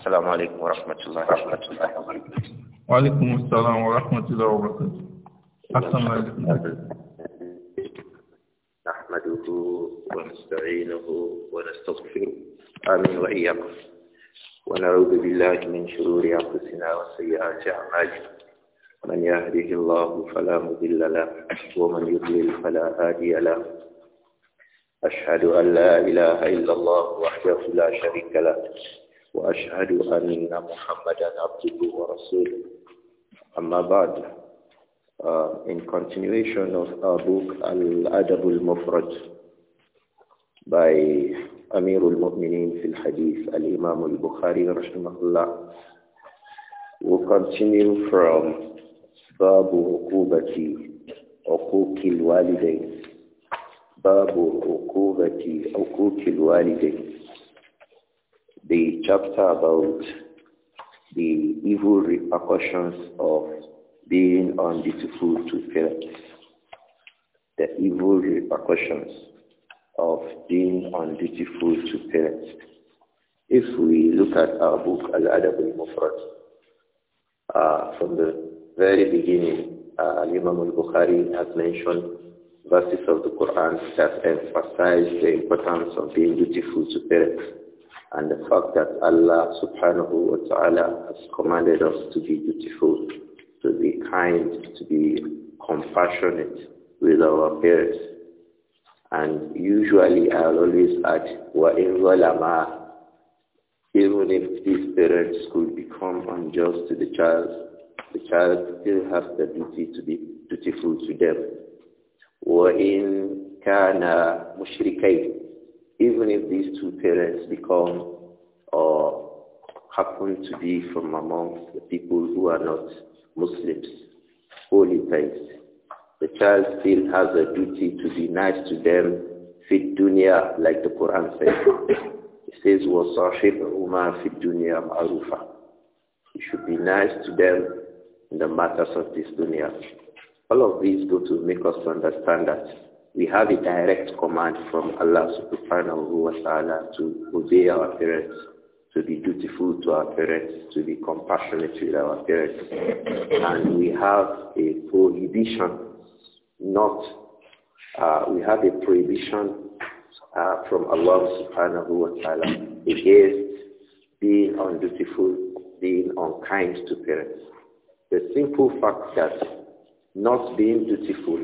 السلام عليكم ورحمة الله وبركاته وعليكم السلام ورحمة الله وبركاته السلام عليكم نحمده ونستعينه ونستغفره آمين وإياكم ونعوذ بالله من شرور أنفسنا وسيئات أعمالنا من يهده الله فلا مضل له ومن يضلل فلا هادي له أشهد أن لا إله إلا الله وحده لا شريك له وأشهد أن محمدا عبده ورسوله أما بعد uh, in continuation of our book Al-Adab al-Mufrad by Amir al-Mu'minin في الحديث الإمام البخاري رحمه الله We'll continue from باب عقوبة عقوق الوالدين باب عقوبة عقوق الوالدين the chapter about the evil repercussions of being undutiful to parents. The evil repercussions of being undutiful to parents. If we look at our book, Al-Adab al-Mufrad, uh, from the very beginning, uh, Imam al-Bukhari has mentioned verses of the Quran that emphasize the importance of being dutiful to parents and the fact that Allah subhanahu wa ta'ala has commanded us to be dutiful, to be kind, to be compassionate with our parents. And usually I'll always add, وَإِنْ ظَلَمَا Even if these parents could become unjust to the child, the child still has the duty to be dutiful to them. وَإِنْ كَانَ مُشْرِكَيْنِ even if these two parents become or happen to be from amongst the people who are not Muslims, holy things, the child still has a duty to be nice to them, fit dunya, like the Quran says. It says, وَصَاحِبْ أُمَا فِي الدُّنْيَا مَعْرُوفًا You should be nice to them in the matters of this dunya. All of these go to make us understand that we have a direct command from Allah subhanahu wa ta'ala to obey our parents, to be dutiful to our parents, to be compassionate with our parents. And we have a prohibition, not, uh, we have a prohibition uh, from Allah subhanahu wa ta'ala against being undutiful, being unkind to parents. The simple fact that not being dutiful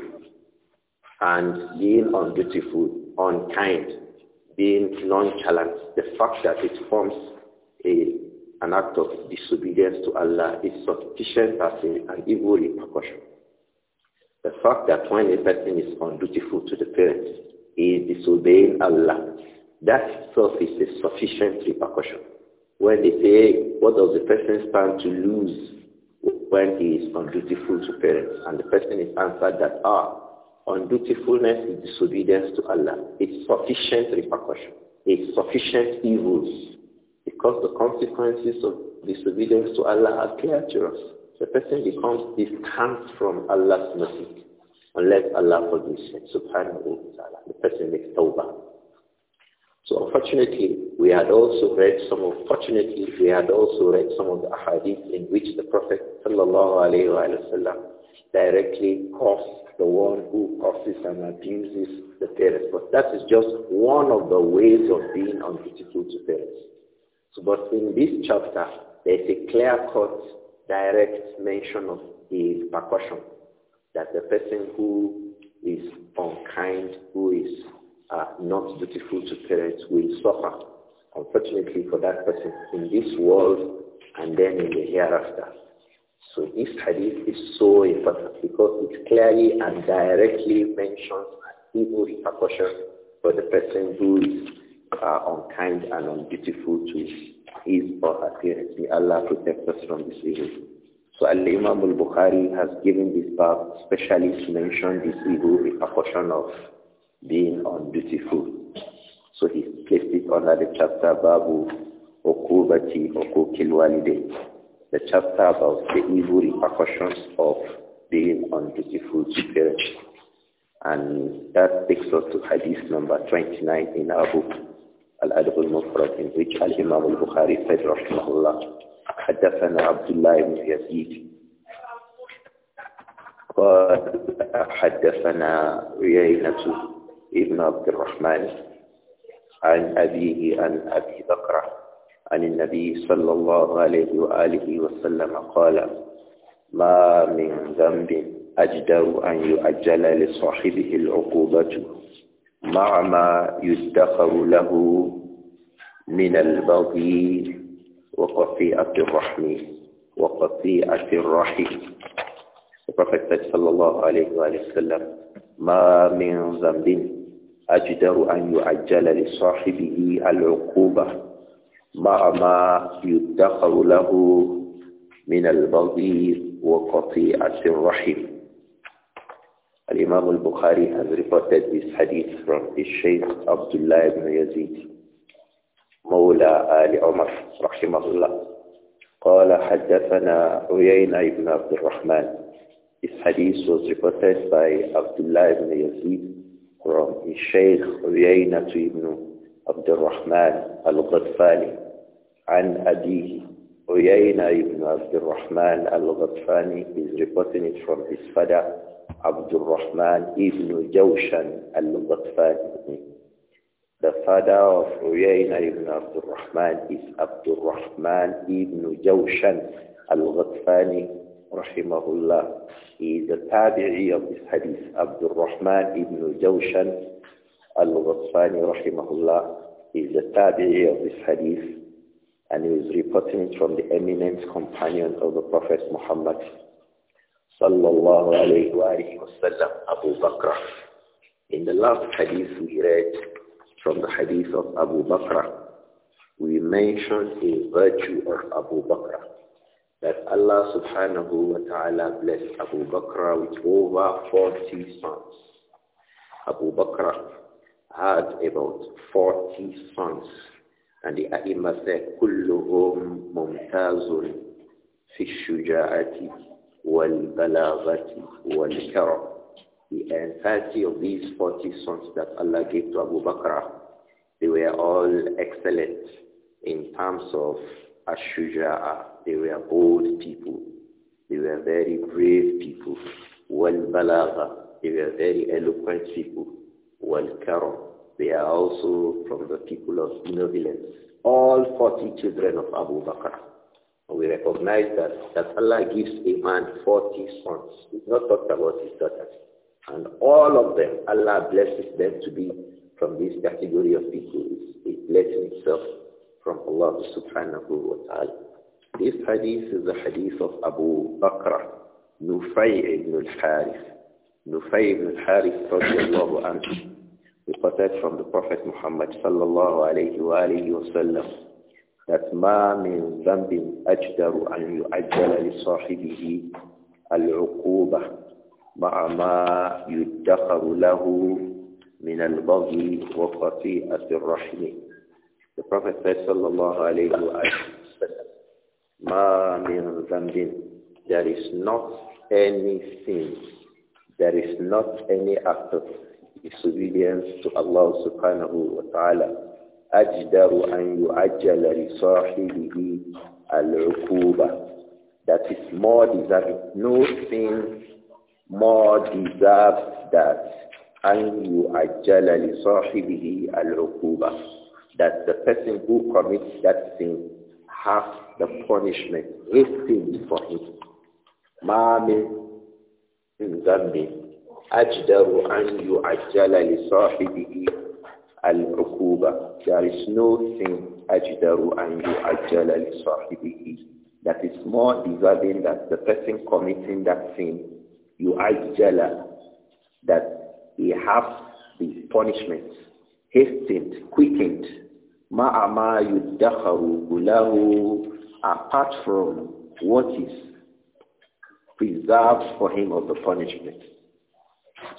and being undutiful, unkind, being nonchalant, the fact that it forms a, an act of disobedience to Allah is sufficient as a, an evil repercussion. The fact that when a person is undutiful to the parents, he is disobeying Allah, that itself is a sufficient repercussion. When they say, what does the person stand to lose when he is undutiful to parents? And the person is answered that, ah, Undutifulness is disobedience to Allah. It's sufficient repercussion. It's sufficient evils. Because the consequences of disobedience to Allah are clear to us. The person becomes distanced from Allah's mercy unless Allah forgives him. Subhanahu wa ta'ala. The person makes tawbah. So unfortunately, we had also read some of, fortunately, we had also read some of the ahadith in which the Prophet sallallahu alayhi wa sallam directly cause the one who causes and abuses the parents. But that is just one of the ways of being undutiful to parents. So, but in this chapter, there is a clear-cut, direct mention of the percussion that the person who is unkind, who is uh, not dutiful to parents, will suffer. Unfortunately for that person, in this world and then in the hereafter. So this hadith is so important because it clearly and directly mentions an evil repercussion for the person who is uh, unkind and undutiful to his or her parents. May Allah protect us from this evil. So Al-Imam al-Bukhari has given this part, specially to mention this evil repercussion of being undutiful. So he placed it under the chapter Babu Okubati Okukil Walidain the chapter about the evil repercussions of being undutiful to parents. And that takes us to hadith number 29 in our book, Al-Adab al-Mufrad, in which Al-Imam al-Bukhari said, Rahimahullah, حدثنا عبد الله بن يزيد قال حدثنا عيينة ابن عبد الرحمن عن أبيه عن أبي بكرة عن النبي صلى الله عليه وآله وسلم قال ما من ذنب أجدر أن يؤجل لصاحبه العقوبة مع ما يدخر له من البغي وقطيعة الرحم وقطيعة الرحم وقفت صلى الله عليه وآله وسلم ما من ذنب أجدر أن يؤجل لصاحبه العقوبة مع ما يدخر له من البغي وقطيعة الرحيم الإمام البخاري has reported this hadith from his Shaykh Abdullah ibn Yazid مولى آل عمر رحمه الله قال حدثنا عيينة بن عبد الرحمن This hadith was reported by Abdullah ibn Yazid from his Shaykh Uyayna ibn Abd al-Rahman al-Ghadfani عن أبيه Uyayna ibn Abdul Rahman al-Ghatfani is reporting it from his father Abdul Rahman ibn Jawshan al-Ghatfani. The father of Uyayna ibn Abdul Rahman is Abdul Rahman ibn Jawshan al-Ghatfani rahimahullah. He is a tabi'i of this hadith. Abdul Rahman ibn Jawshan al-Ghatfani rahimahullah is a tabi'i of this hadith. and he was reporting from the eminent companion of the Prophet Muhammad sallallahu alayhi wa sallam, Abu Bakr. In the last hadith we read from the hadith of Abu Bakr, we mentioned the virtue of Abu Bakr, that Allah subhanahu wa ta'ala blessed Abu Bakr with over 40 sons. Abu Bakr had about 40 sons and the Aima said, كلهم ممتاز في الشجاعة والبلاغة The entirety of these 40 sons that Allah gave to Abu Bakr, they were all excellent in terms of ashuja'a. They were bold people. They were very brave people. Wal balagha. They were very eloquent people. Wal karam they are also from the people of innovolence. All 40 children of Abu Bakr. we recognize that, that Allah gives a man 40 sons. It's not talked about his daughters. And all of them, Allah blesses them to be from this category of people. It blesses itself from Allah subhanahu wa ta'ala. This hadith is the hadith of Abu Bakr, Nufay ibn al-Harith. Nufay ibn al-Harith, reported from the Prophet Muhammad sallallahu alayhi wa alihi wasallam that ma min dhanbin ajdaru an yu'ajjala li sahibihi al-'uquba ma'a ma yuddakharu lahu min al-baghi wa qati'ati rahmi The Prophet said sallallahu alayhi wa sallam ma min dhanbin there is not any sin there is not any act of disobedience to Allah subhanahu wa ta'ala. أجدر أن يعجل لصاحبه العقوبة that is more deserving. No sin more deserves that أن يعجل لصاحبه العقوبة that the person who commits that sin has the punishment hastened for him. ما من ذنب أجدر أن يعجل لصاحبه العقوبة There is no thing أجدر أن يعجل لصاحبه that is more deserving that the person committing that sin يعجل that he has the punishment hastened, quickened ma'ama yuddakharu gulahu apart from what is preserved for him of the punishment.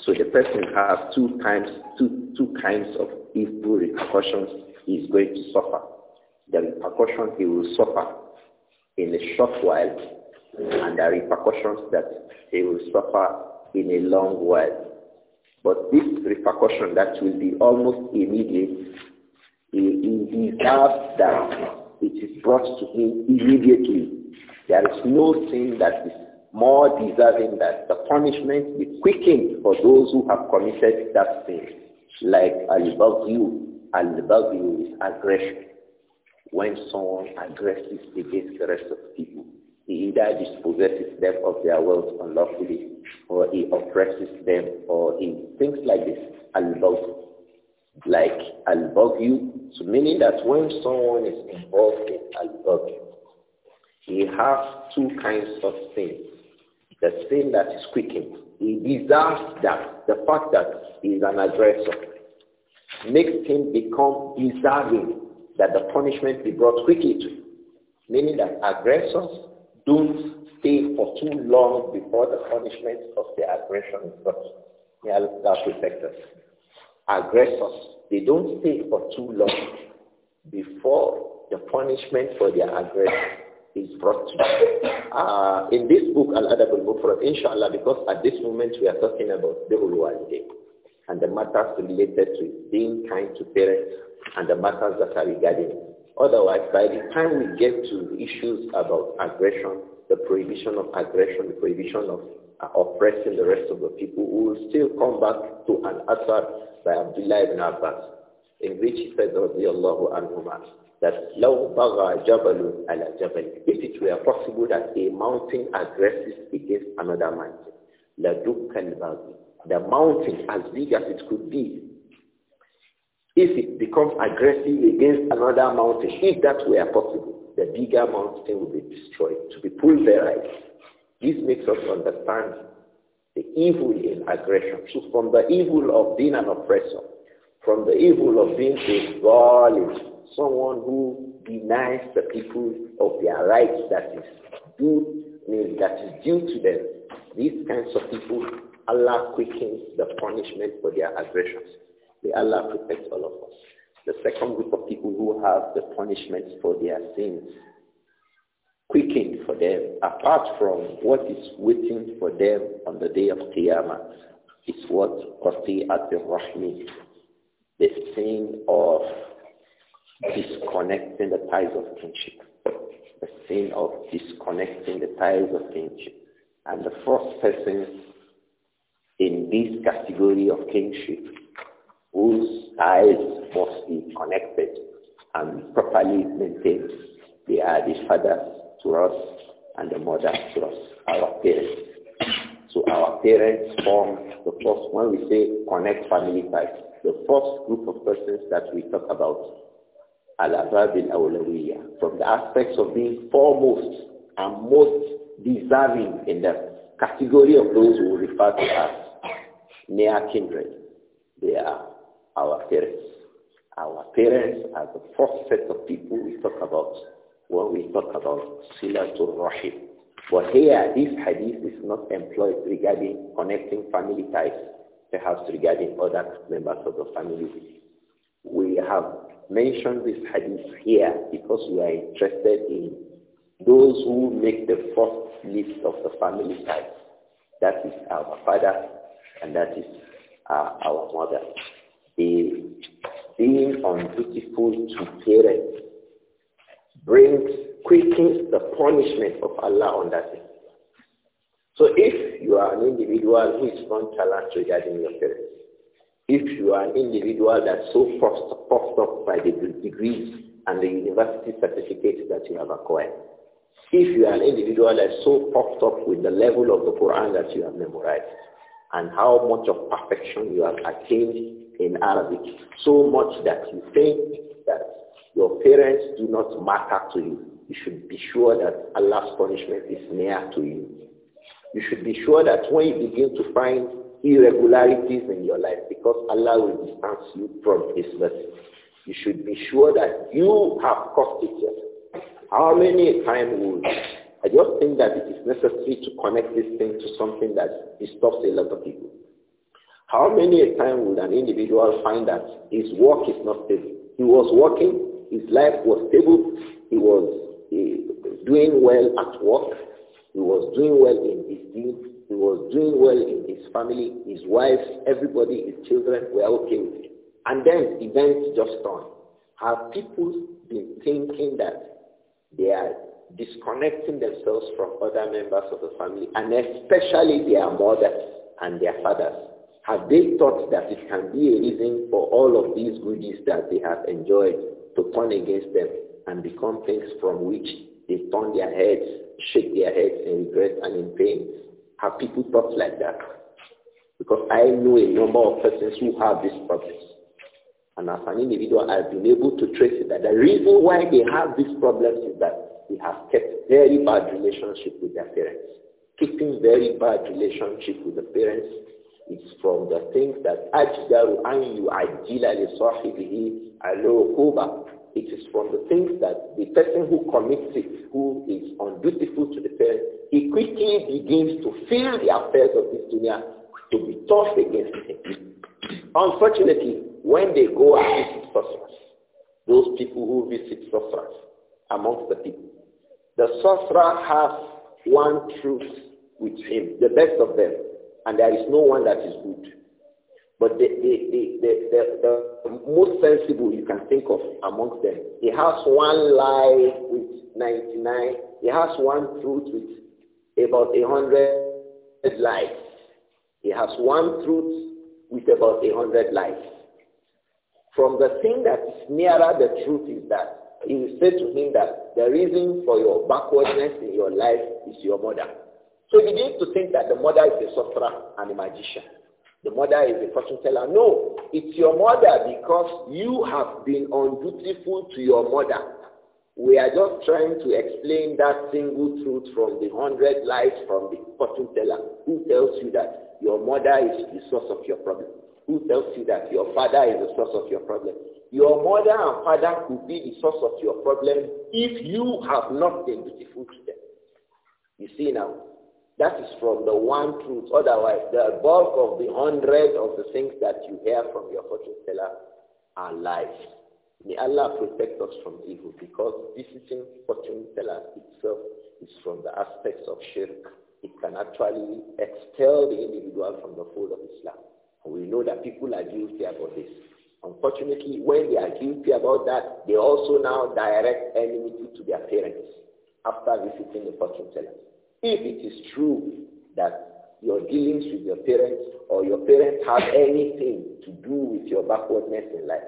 So the person has two times, two, two kinds of evil repercussions he is going to suffer. The repercussion he will suffer in a short while and the repercussions that he will suffer in a long while. But this repercussion that will be almost immediate, he, he deserves that it is brought to him immediately. There is no thing that is more deserving that the punishment be quickened for those who have committed that sin. Like al-baghyu, al-baghyu is aggression. When someone aggresses against the rest of people, he either dispossesses them of their wealth unlawfully, or he oppresses them, or he things like this, al-baghyu. Like al-baghyu, so meaning that when someone is involved in al-baghyu, he has two kinds of things the thing that is quickened. He deserves that. The fact that he is an aggressor makes him become deserving that the punishment be brought quickly to him. Meaning that aggressors don't stay for too long before the punishment of their aggression is brought. May Allah protect us. Aggressors, they don't stay for too long before the punishment for their aggression is prostitute. Uh, in this book, Al-Adab al-Mufrad, inshallah, because at this moment we are talking about Birul day and the matters related to being kind to parents and the matters that are regarding it. Otherwise, by the time we get to issues about aggression, the prohibition of aggression, the prohibition of uh, oppressing the rest of the people, we will still come back to an asar by Abdullah ibn Abbas, in which he said, رضي الله عنهما, that لَوْ بَغَى جَبَلٌ عَلَى Jabal. If it were possible that a mountain aggresses against another mountain, لَدُكَّ الْبَغِي The mountain, as big as it could be, if it becomes aggressive against another mountain, if that were possible, the bigger mountain would be destroyed, to be pulverized. This makes us understand the evil in aggression. So from the evil of being an oppressor, from the evil of being a violent, someone who denies the people of their rights that is due, that is due to them. These kinds of people, Allah quickens the punishment for their aggressions. May Allah protect all of us. The second group of people who have the punishment for their sins quickened for them, apart from what is waiting for them on the day of Qiyamah, is what Qati'at al-Rahmi, the sin of disconnecting the ties of kinship. The sin of disconnecting the ties of kinship. And the first person in this category of kinship whose ties must be connected and properly maintained, they are the fathers to us and the mothers to us, our parents. So our parents form the first, when we say connect family ties, the first group of persons that we talk about from the aspects of being foremost and most deserving in the category of those who refer to us near kindred. They are our parents. Our parents are the first set of people we talk about when we talk about Silatul Rahim. But here, this hadith is not employed regarding connecting family ties, perhaps regarding other members of the family. We have Mention this hadith here because we are interested in those who make the first list of the family type. That is our father and that is uh, our mother. The being undutiful to parents brings quickens the punishment of Allah on that. So if you are an individual who is nonchalant regarding your parents, if you are an individual that's so puffed up by the degrees and the university certificates that you have acquired, if you are an individual that's so puffed up with the level of the Quran that you have memorized, and how much of perfection you have attained in Arabic, so much that you think that your parents do not matter to you. You should be sure that Allah's punishment is near to you. You should be sure that when you begin to find irregularities in your life because Allah will distance you from His mercy. You should be sure that you have caused it yet. How many times would I just think that it is necessary to connect this thing to something that disturbs a lot of people. How many a time would an individual find that his work is not stable? He was working, his life was stable, he was uh, doing well at work, he was doing well in his deeds, he was doing well in his family, his wife, everybody, his children were okay with him. And then events just turned. Have people been thinking that they are disconnecting themselves from other members of the family, and especially their mothers and their fathers? Have they thought that it can be a reason for all of these goodies that they have enjoyed to turn against them and become things from which they turn their heads, shake their heads in regret and in pain? Have people thought like that? Because I know a number of persons who have these problems. And as an individual, I've been able to trace it that the reason why they have these problems is that they have kept very bad relationship with their parents. Keeping very bad relationship with the parents is from the things that أجدر أن يعجل لصاحبه العقوبة it is from the things that the person who commits it, who is undutiful to the parents, he quickly begins to feel the affairs of this dunya to be tough against him. Unfortunately, when they go and visit sorcerers, those people who visit sorcerers amongst the people, the sorcerer has one truth with him, the best of them, and there is no one that is good. But the, the, the, the, the, most sensible you can think of amongst them, he has one lie with 99, he has one truth with about 100 lies. He has one truth with about 100 lies. From the thing that is nearer the truth is that he will say to him that the reason for your backwardness in your life is your mother. So he begins to think that the mother is a sorcerer and a magician. The mother is the fortune teller. No, it's your mother because you have been undutiful to your mother. We are just trying to explain that single truth from the hundred lies from the fortune teller. Who tells you that your mother is the source of your problem? Who tells you that your father is the source of your problem? Your mother and father could be the source of your problem if you have not been dutiful to them. You see now, that is from the one truth. Otherwise, the bulk of the hundred of the things that you hear from your fortune teller are lies. May Allah protect us from evil because visiting fortune teller itself is from the aspects of shirk. It can actually expel the individual from the fold of Islam. And we know that people are guilty about this. Unfortunately, when they are guilty about that, they also now direct enmity to their parents after visiting the fortune teller. If it is true that your dealings with your parents or your parents have anything to do with your backwardness in life,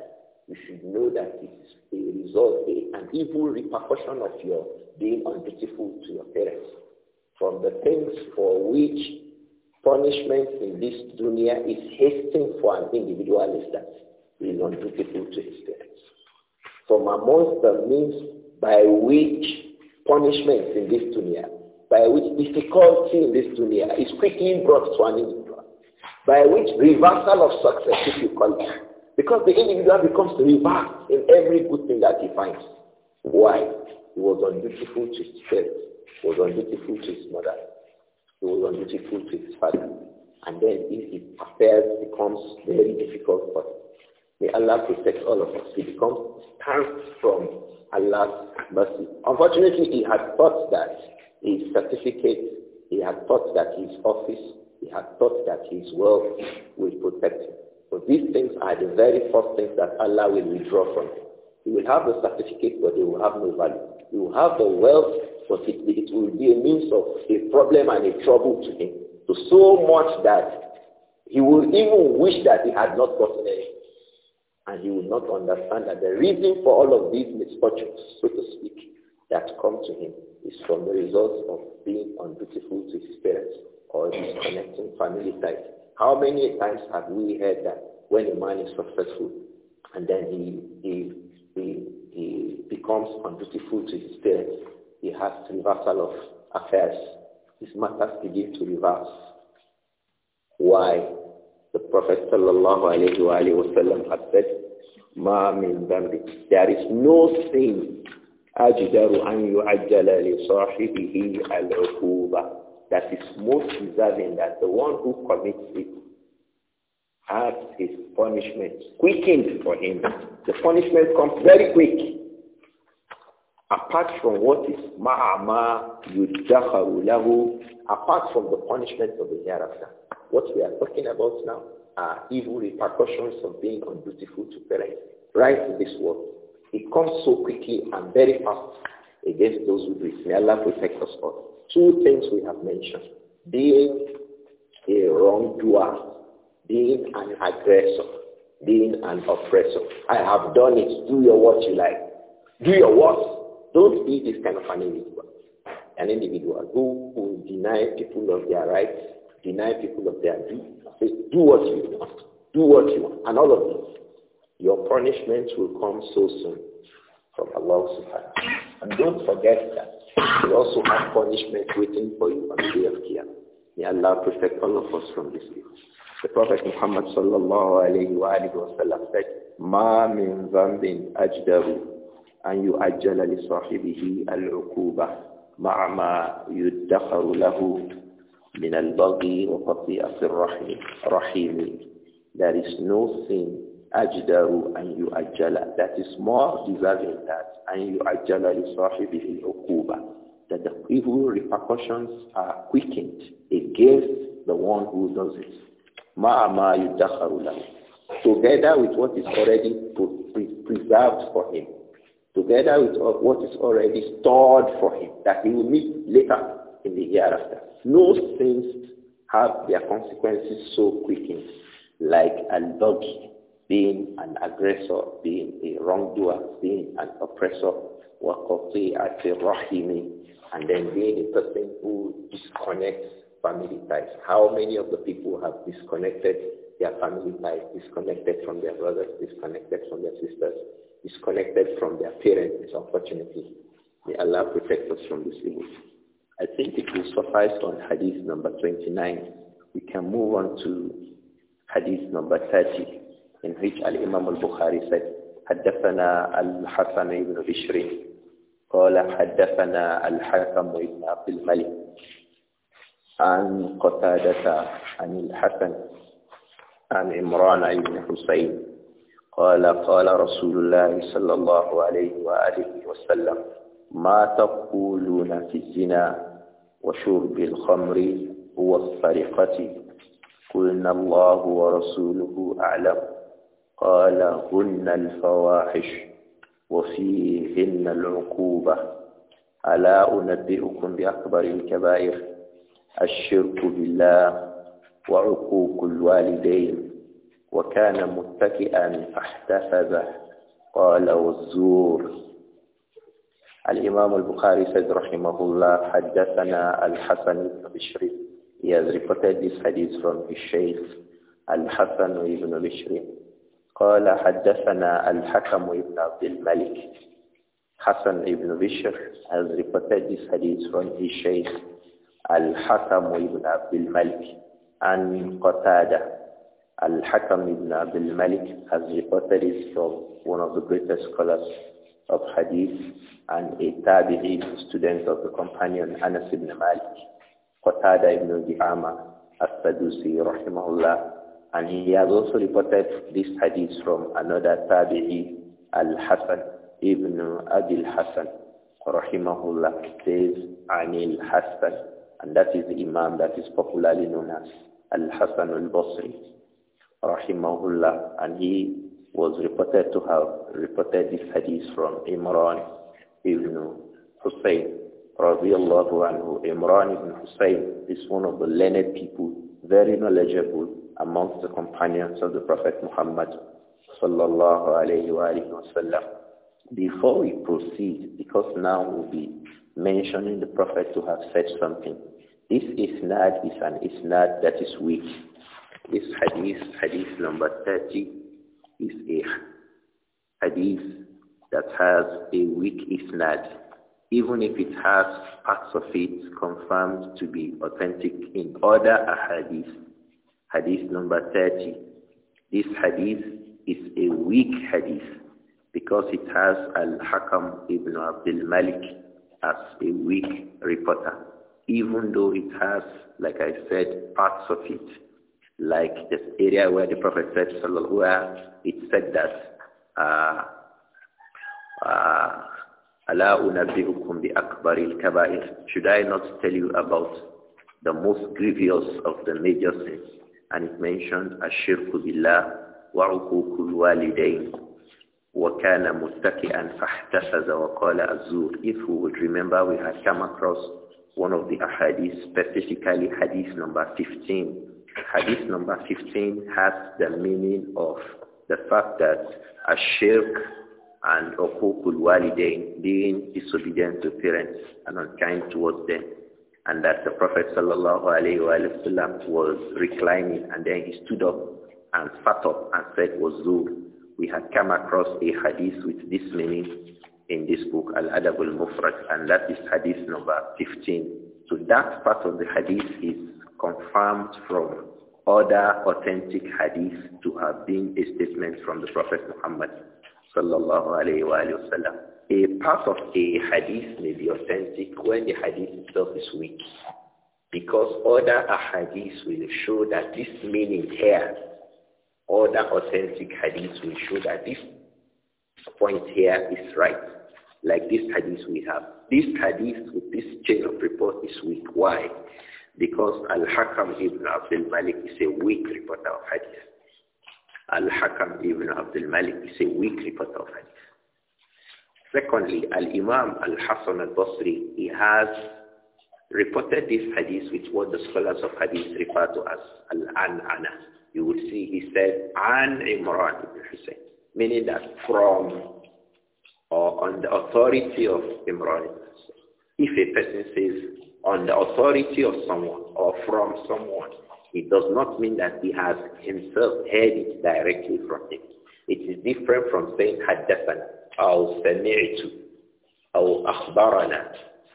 you should know that it is a result, a, an evil repercussion of your being undutiful to your parents. From the things for which punishment in this dunya is hastened for an individual is that he is undutiful to his parents. From amongst the means by which punishment in this dunya by which difficulty in this dunya is quickly brought to an end, by which reversal of success, if you call it, because the individual becomes reversed in every good thing that he finds. Why? He was undutiful to his he was undutiful to his mother, he was undutiful to his father. And then if his affairs becomes very difficult for him. May Allah protect all of us. He becomes thanked from Allah's mercy. Unfortunately, he had thought that his certificate, he had thought that his office, he had thought that his wealth would protect him. So these things are the very first things that Allah will withdraw from him. He will have the certificate, but it will have no value. He will have the wealth, but it, it will be a means of a problem and a trouble to him. To so, so much that he will even wish that he had not gotten it, And he will not understand that the reason for all of these misfortunes, so to speak, that come to him is from the results of being undutiful to his parents or disconnecting family ties. How many times have we heard that when a man is successful and then he, he, he, he becomes undutiful to his parents, he has reversal of affairs. His matters begin to reverse. Why? The Prophet sallallahu alayhi wasallam has said, Ma min dambi. There is no sin أجدر أن يعجل لصاحبه العقوبة that is most deserving that the one who commits it has his punishment quickened for him. The punishment comes very quick. Apart from what is ma'ama yudakharu lahu, apart from the punishment of the hereafter. What we are talking about now are evil repercussions of being undutiful to parents right in this world. It comes so quickly and very fast against those who do it. May Allah protect us all. Two things we have mentioned. Being a wrongdoer, being an aggressor, being an oppressor. I have done it. Do your what you like. Do your worst. Don't be this kind of an individual. An individual who will deny people of their rights, deny people of their due. Do what you want. Do what you want. And all of this. Your punishment will come so soon from Allah subhanahu And don't forget that you also have punishment waiting for you on the day of Qiyamah. May Allah protect all of us from this evil. The Prophet Muhammad sallallahu alayhi wa alayhi wa sallam said, مَا مِن ذَنْبٍ أَجْدَرُ أَنْ يُعَجَّلَ لِصَاحِبِهِ الْعُقُوبَةِ مَعَ مَا يُدَّخَرُ لَهُ من البغي وقطيعة الرحيم رحيم There is no sin that is more deserving that أن يؤجل لصاحبه العقوبة that the evil repercussions are quickened against the one who does it Ma ما يدخر together with what is already preserved for him together with what is already stored for him that he will meet later in the hereafter no things have their consequences so quickened like a bagi being an aggressor, being a wrongdoer, being an oppressor, al rahimi, And then being a person who disconnects family ties. How many of the people have disconnected their family ties, disconnected from their brothers, disconnected from their sisters, disconnected from their parents, it's unfortunately. May Allah protect us from this evil. I think it will suffice on hadith number 29. We can move on to hadith number 30. من which Al-Imam al حدثنا الحسن بن بشر قال حدثنا الحكم بن عبد الملك عن قتادة عن الحسن عن عمران بن حسين قال قال رسول الله صلى الله عليه وآله وسلم ما تقولون في الزنا وشرب الخمر والسرقة قلنا الله ورسوله أعلم قال هن الفواحش وفيهن العقوبة ألا أنبئكم بأكبر الكبائر الشرك بالله وعقوق الوالدين وكان متكئا فاحتفظه قال والزور الإمام البخاري سيد رحمه الله حدثنا الحسن بن بشري he has reported this hadith from his shaykh الحسن بن بشري قال حدثنا الحكم ابن عبد الملك Hassan ابن Bishr has reported this hadith from his Shaykh Al-Hakam ibn Abdul Malik and Qatada. Al-Hakam ibn Abdul Malik has reported this from one of the greatest scholars of hadith and a tabi'i student of the companion Anas ibn Malik. Qatada ibn Di'ama al-Sadusi الله and he has also reported this hadith from another Tabi'i, Al-Hasan ibn Abil Hasan, rahimahullah, says Anil Hasan. And that is the Imam that is popularly known as Al-Hasan al-Basri, rahimahullah. And he was reported to have reported this hadith from Imran ibn Hussein, radiallahu anhu. Imran ibn Hussein is one of the learned people, very knowledgeable amongst the companions of the Prophet Muhammad sallallahu alayhi wa Before we proceed, because now we'll be mentioning the Prophet to have said something. This isnad is an isnad that is weak. This hadith, hadith number 30, is a hadith that has a weak isnad, even if it has parts of it confirmed to be authentic in other ahadith hadith number 30. This hadith is a weak hadith because it has Al-Hakam ibn Abdul Malik as a weak reporter, even though it has, like I said, parts of it, like this area where the Prophet said, Sallallahu it said that, uh, uh, Allah unabbi'ukum bi akbaril kaba'ir. Should I not tell you about the most grievous of the major sins? and it mentions الشرك بالله وعقوق الوالدين وكان متكئا فاحتفظ وقال الزور if we would remember we had come across one of the hadiths, specifically hadith number 15 hadith number 15 has the meaning of the fact that ashirk and uqukul walidain being disobedient to parents and unkind towards them and that the Prophet sallallahu was reclining and then he stood up and sat up and said wazur. We had come across a hadith with this meaning in this book, Al-Adab al-Mufrad, and that is hadith number 15. So that part of the hadith is confirmed from other authentic hadith to have been a statement from the Prophet Muhammad sallallahu alayhi wa sallam a part of a hadith may be authentic when the hadith itself is weak because other hadiths will show that this meaning here, other authentic hadiths will show that this point here is right, like this hadith we have. This hadith with this chain of report is weak. Why? Because Al-Hakam ibn Abdul Malik is a weak reporter of hadith. Al-Hakam ibn Abdul Malik is a weak reporter of hadith. Secondly, Al-Imam Al-Hassan Al-Basri, he has reported this hadith with what the scholars of hadith refer to as Al-An'ana. You would see he said, An Imran ibn Hussein, meaning that from or on the authority of Imran If a person says on the authority of someone or from someone, it does not mean that he has himself heard it directly from him. It is different from saying haddathana أو سمعت أو أخبرنا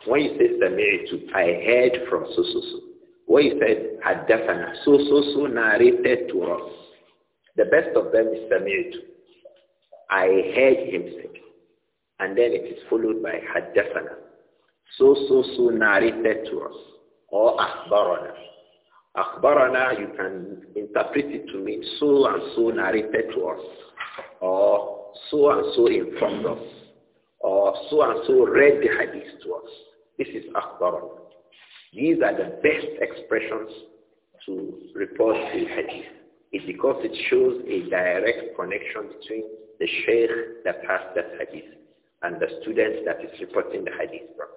when you say سمعت I heard from so so so when you said حدثنا so so so narrated to us the best of them is سمعت I heard him say and then it is followed by حدثنا so so so narrated to us or أخبرنا أخبرنا you can interpret it to mean so and so narrated to us or so and so informed us, or so and so read the hadith to us. This is akbar. These are the best expressions to report the hadith. It's because it shows a direct connection between the sheikh that has that hadith and the student that is reporting the hadith from.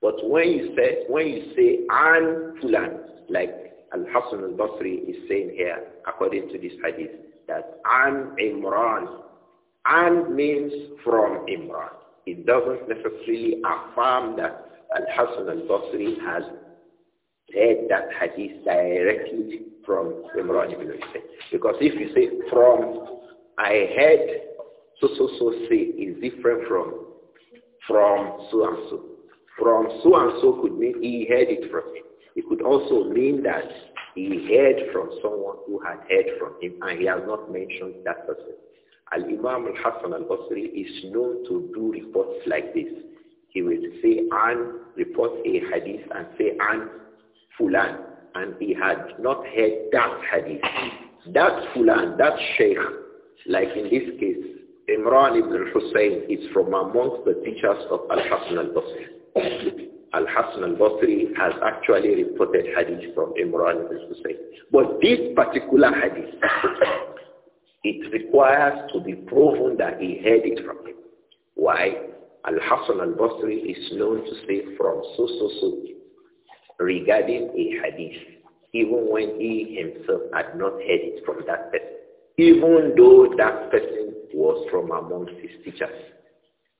But when you say when you say an fulan, like Al Hassan al Basri is saying here, according to this hadith, that an Imran and means from Imran. It doesn't necessarily affirm that al Hassan al-Basri has read that hadith directly from Imran ibn Hussein. Because if you say from, I heard so so so say is different from from so and so. From so and so could mean he heard it from him. It could also mean that he heard from someone who had heard from him and he has not mentioned that person. Al-Imam al-Hassan al-Basri is known to do reports like this. He will say an, report a hadith and say an fulan. And he had not heard that hadith. That fulan, that sheikh, like in this case, Imran ibn Hussein is from amongst the teachers of Al-Hassan al-Basri. Al-Hassan al-Basri has actually reported hadith from Imran ibn Hussein. But this particular hadith it requires to be proven that he heard it from him. Why? Al-Hassan al-Basri is known to say from so so so regarding a hadith, even when he himself had not heard it from that person, even though that person was from amongst his teachers.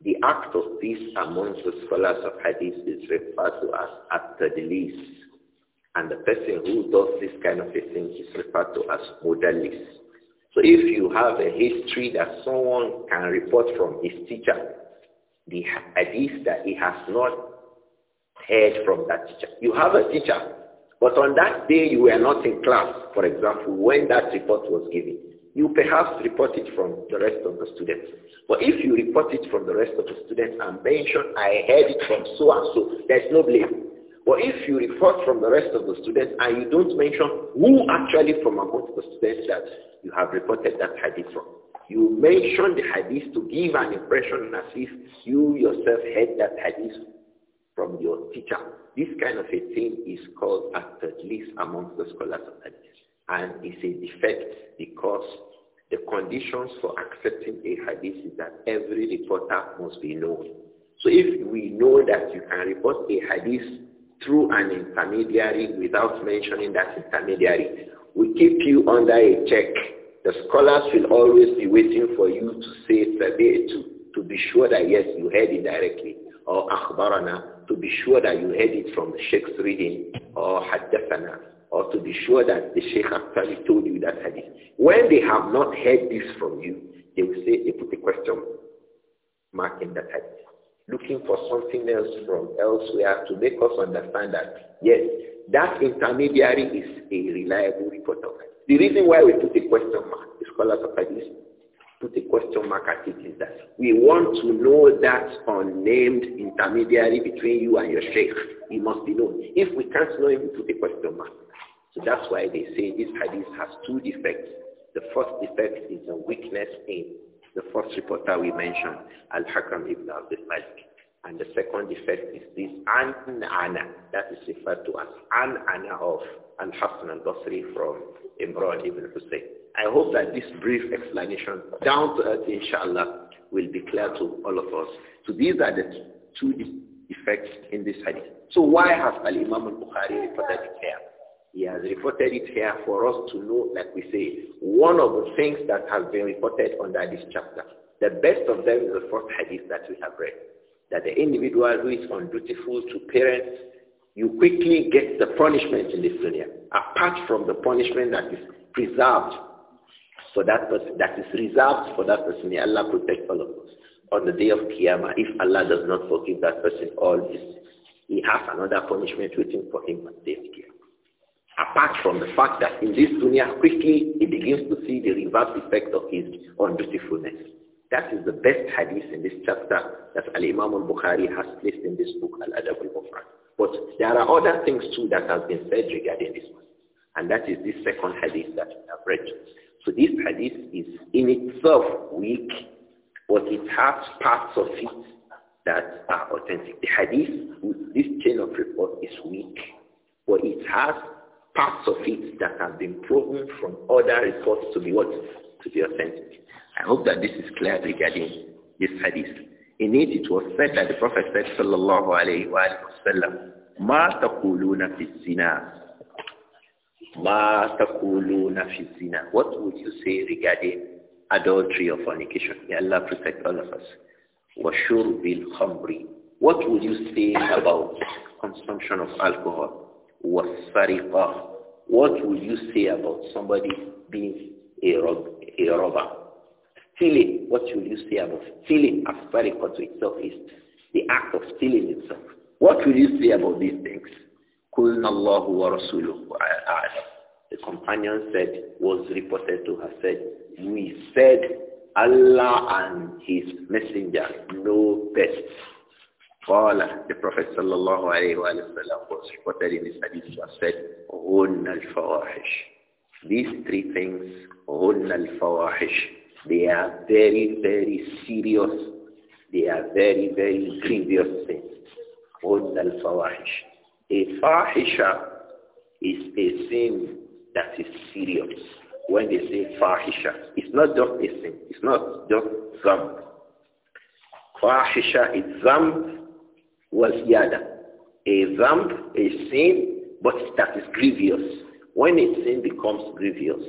The act of this amongst the scholars of hadith is referred to as at And the person who does this kind of a thing is referred to as mudallis. So if you have a history that someone can report from his teacher, the hadith that he has not heard from that teacher. You have a teacher, but on that day you were not in class, for example, when that report was given. You perhaps report it from the rest of the students. But if you report it from the rest of the students and mention, I heard it from so and so, there's no blame. But if you report from the rest of the students and you don't mention who actually from amongst the students that you have reported that hadith from, you mention the hadith to give an impression as if you yourself heard that hadith from your teacher. This kind of a thing is called at least amongst the scholars of hadith. And it's a defect because the conditions for accepting a hadith is that every reporter must be known. So if we know that you can report a hadith through an intermediary without mentioning that intermediary. We keep you under a check. The scholars will always be waiting for you to say to, to be sure that yes, you heard it directly or akhbarana to be sure that you heard it from the sheikh's reading or haddathana or to be sure that the sheikh actually told you that hadith. When they have not heard this from you, they will say, they put a question mark in that hadith looking for something else from elsewhere to make us understand that, yes, that intermediary is a reliable reporter. The reason why we put a question mark, the scholars of Hadith put a question mark at it is that we want to know that unnamed intermediary between you and your sheikh. He must be known. If we can't know him, we put a question mark. So that's why they say this hadith has two defects. The first defect is a weakness in the first reporter we mentioned, Al-Hakam ibn Abdul Malik. And the second effect is this an-ana. That is referred to as an-ana of Al-Hassan al-Basri from Imran ibn Hussein. I hope that this brief explanation down to earth, inshallah, will be clear to all of us. So these are the two effects in this hadith. So why has Al-Imam al-Bukhari reported here? He has reported it here for us to know, like we say, one of the things that has been reported under this chapter. The best of them is the first hadith that we have read, that the individual who is undutiful to parents, you quickly get the punishment in this dunya, apart from the punishment that is preserved for that person, that is reserved for that person. May Allah protect all of us. On the day of Qiyamah, if Allah does not forgive that person all this, he has another punishment waiting for him on the day of Qiyamah. Apart from the fact that in this dunya, quickly he begins to see the reverse effect of his undutifulness. That is the best hadith in this chapter that Al-Imam al-Bukhari has placed in this book, Al-Adab al-Mufrad. But there are other things too that has been said regarding this one. And that is this second hadith that we have read. So this hadith is in itself weak, but it has parts of it that are authentic. The hadith, this chain of report is weak, but it has parts of it that have been proven from other reports to be what? To be authentic. I hope that this is clear regarding this hadith. In it, it was said that the Prophet said, sallallahu alayhi wa sallam, ما تقولون في الزنا ما تقولون في الزنا What would you say regarding adultery or fornication? May Allah protect all of us. وشرب الخمر What would you say about consumption of alcohol? والسرقة What will you say about somebody being a, rob a robber? Stealing, what will you say about stealing? As-sariqa to itself is the act of stealing itself. What will you say about these things? قُلْنَا اللَّهُ وَرَسُولُهُ The companion said, was reported to have said, we said, Allah and his messenger know best the Prophet sallallahu alayhi wa was reported in this hadith said, Hun al These three things, Hun al-fawahish, they are very, very serious. They are very, very grievous things. Hun al-fawahish. A fahisha is a sin that is serious. When they say fahisha, it's not just a sin. It's not just zamb. Fahisha is zamb. Was yada a vamp, a sin, but that is grievous. When a sin becomes grievous,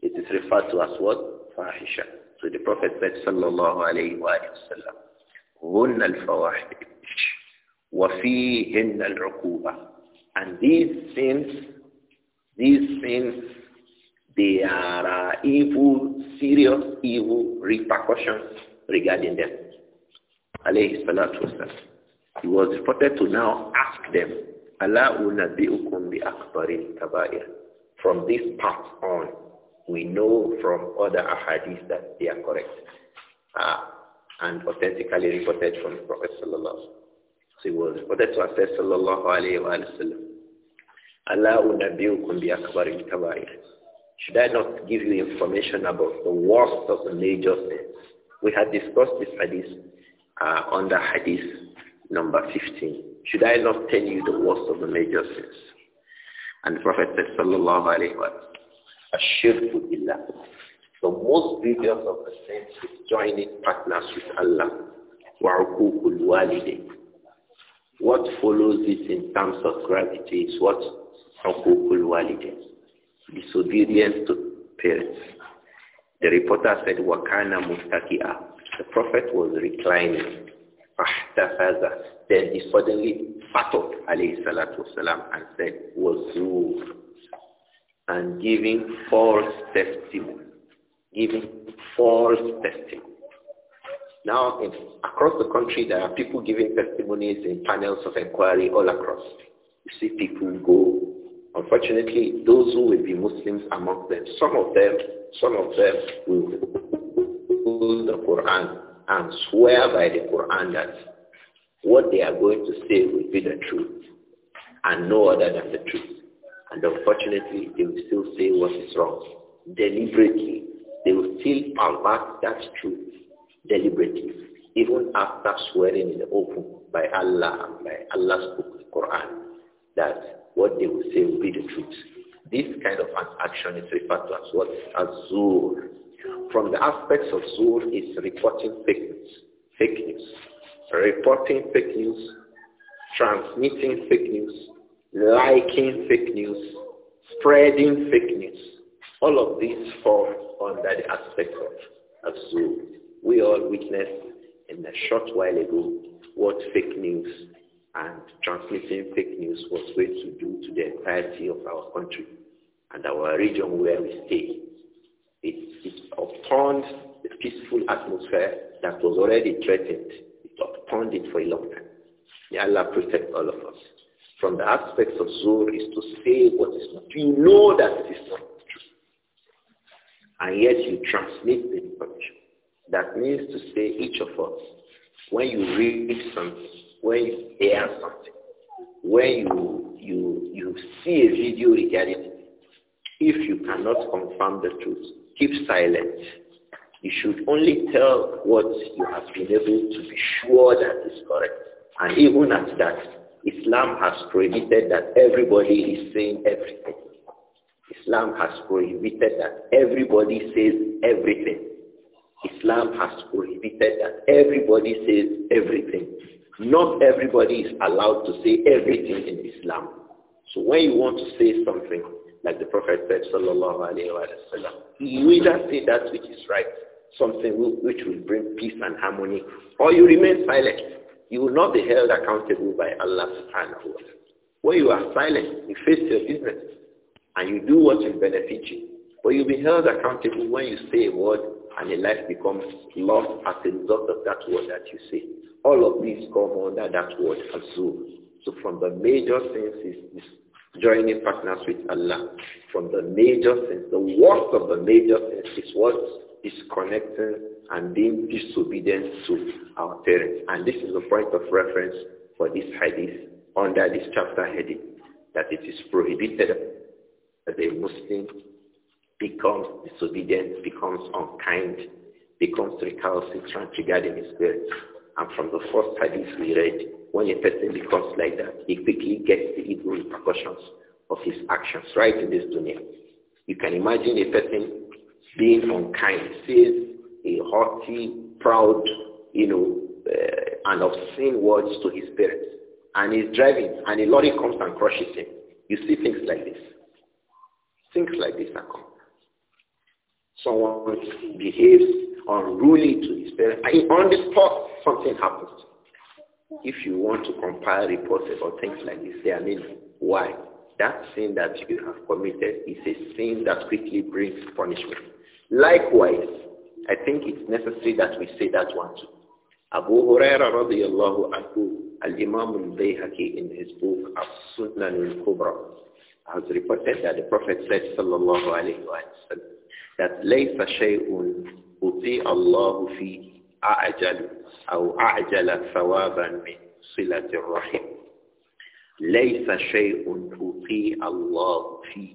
it is referred to as what? Fahisha. So the Prophet said, sallallahu alayhi wa sallam, هُنَّ الْفَوَاحِشِ وَفِيهِنَّ الْعُقُوبَةِ And these sins, these sins, they are uh, evil, serious evil repercussions regarding them. Alayhi salatu sallam. He was reported to now ask them, Allah unabbi'ukum bi akbaril kabair. From this part on, we know from other ahadith that they are correct uh, and authentically reported from the Prophet sallallahu So it was reported to us sallallahu bi akbaril kabair. Should I not give you information about the worst of the major sins? We had discussed this hadith uh, on the hadith Number 15. Should I not tell you the worst of the major sins? And the Prophet said, Sallallahu Alaihi Wasallam, The most grievous of the sins is joining partners with Allah. وَعُقُوقُ الْوَالِدَيْنِ What follows this in terms of gravity is what? عُقُوقُ الْوَالِدَيْنِ Disobedience to parents. The reporter said, "Wakana مُسْتَكِئًا The Prophet was reclining. فاحتفظ then he suddenly sat up alayhi salatu wasalam and said wazur and giving false testimony giving false testimony now in, across the country there are people giving testimonies in panels of inquiry all across you see people go unfortunately those who will be muslims among them some of them some of them will hold the quran and swear by the Quran that what they are going to say will be the truth and no other than the truth. And unfortunately, they will still say what is wrong. Deliberately, they will still pervert that truth deliberately, even after swearing in the open by Allah and by Allah's book, the Quran, that what they will say will be the truth. This kind of an action is referred to as what? Azur. From the aspects of zuhr is reporting fake news. Fake news. Reporting fake news, transmitting fake news, liking fake news, spreading fake news. All of these fall under the aspect of, of zuhr. We all witnessed in a short while ago what fake news and transmitting fake news was going to do to the entirety of our country and our region where we stay it, it upturned the peaceful atmosphere that was already threatened. It upturned it for a long time. May Allah protect all of us. From the aspects of Zohr is to say what is not. You know that it is not true. And yet you transmit the information. That means to say each of us, when you read something, when you hear something, when you, you, you see a video regarding it, if you cannot confirm the truth, keep silent. You should only tell what you have been able to be sure that is correct. And even at that, Islam has prohibited that everybody is saying everything. Islam has prohibited that everybody says everything. Islam has prohibited that everybody says everything. Not everybody is allowed to say everything in Islam. So when you want to say something, like the Prophet said, sallallahu alayhi wa sallam, hmm. you either say that which is right, something which will bring peace and harmony, or you remain silent. You will not be held accountable by Allah subhanahu wa ta'ala. When you are silent, you face your business, and you do what will benefit you. But you'll be held accountable when you say a word and your life becomes lost as a result of that word that you say. All of these come under that word, azul. So from the major things is joining partners with Allah. From the major sins, the worst of the major sins is what is connecting and being disobedient to our parents. And this is the point of reference for this hadith under this chapter heading, that it is prohibited that a Muslim becomes disobedient, becomes unkind, becomes recalcitrant regarding his parents. And from the first hadith we read, when a person becomes like that, he quickly gets the evil repercussions of his actions right in this dunya. You can imagine a person being unkind, says a haughty, proud, you know, uh, and obscene words to his parents. And he's driving, and a lorry comes and crushes him. You see things like this. Things like this are common. Someone behaves unruly to his parents. And on the spot, something happens. If you want to compile reports about things like this, say, I mean, why? That sin that you have committed is a sin that quickly brings punishment. Likewise, I think it's necessary that we say that one too. Abu Huraira radiallahu anhu, Al-Imam al-Bayhaqi in his book As-Sunan al-Kubra has reported that the Prophet said sallallahu alayhi wa sallam that لَيْسَ شَيْءٌ أُطِيعَ اللَّهُ فِيهِ أعجل أو أعجل ثوابا من صلة الرحم ليس شيء أطيع الله فيه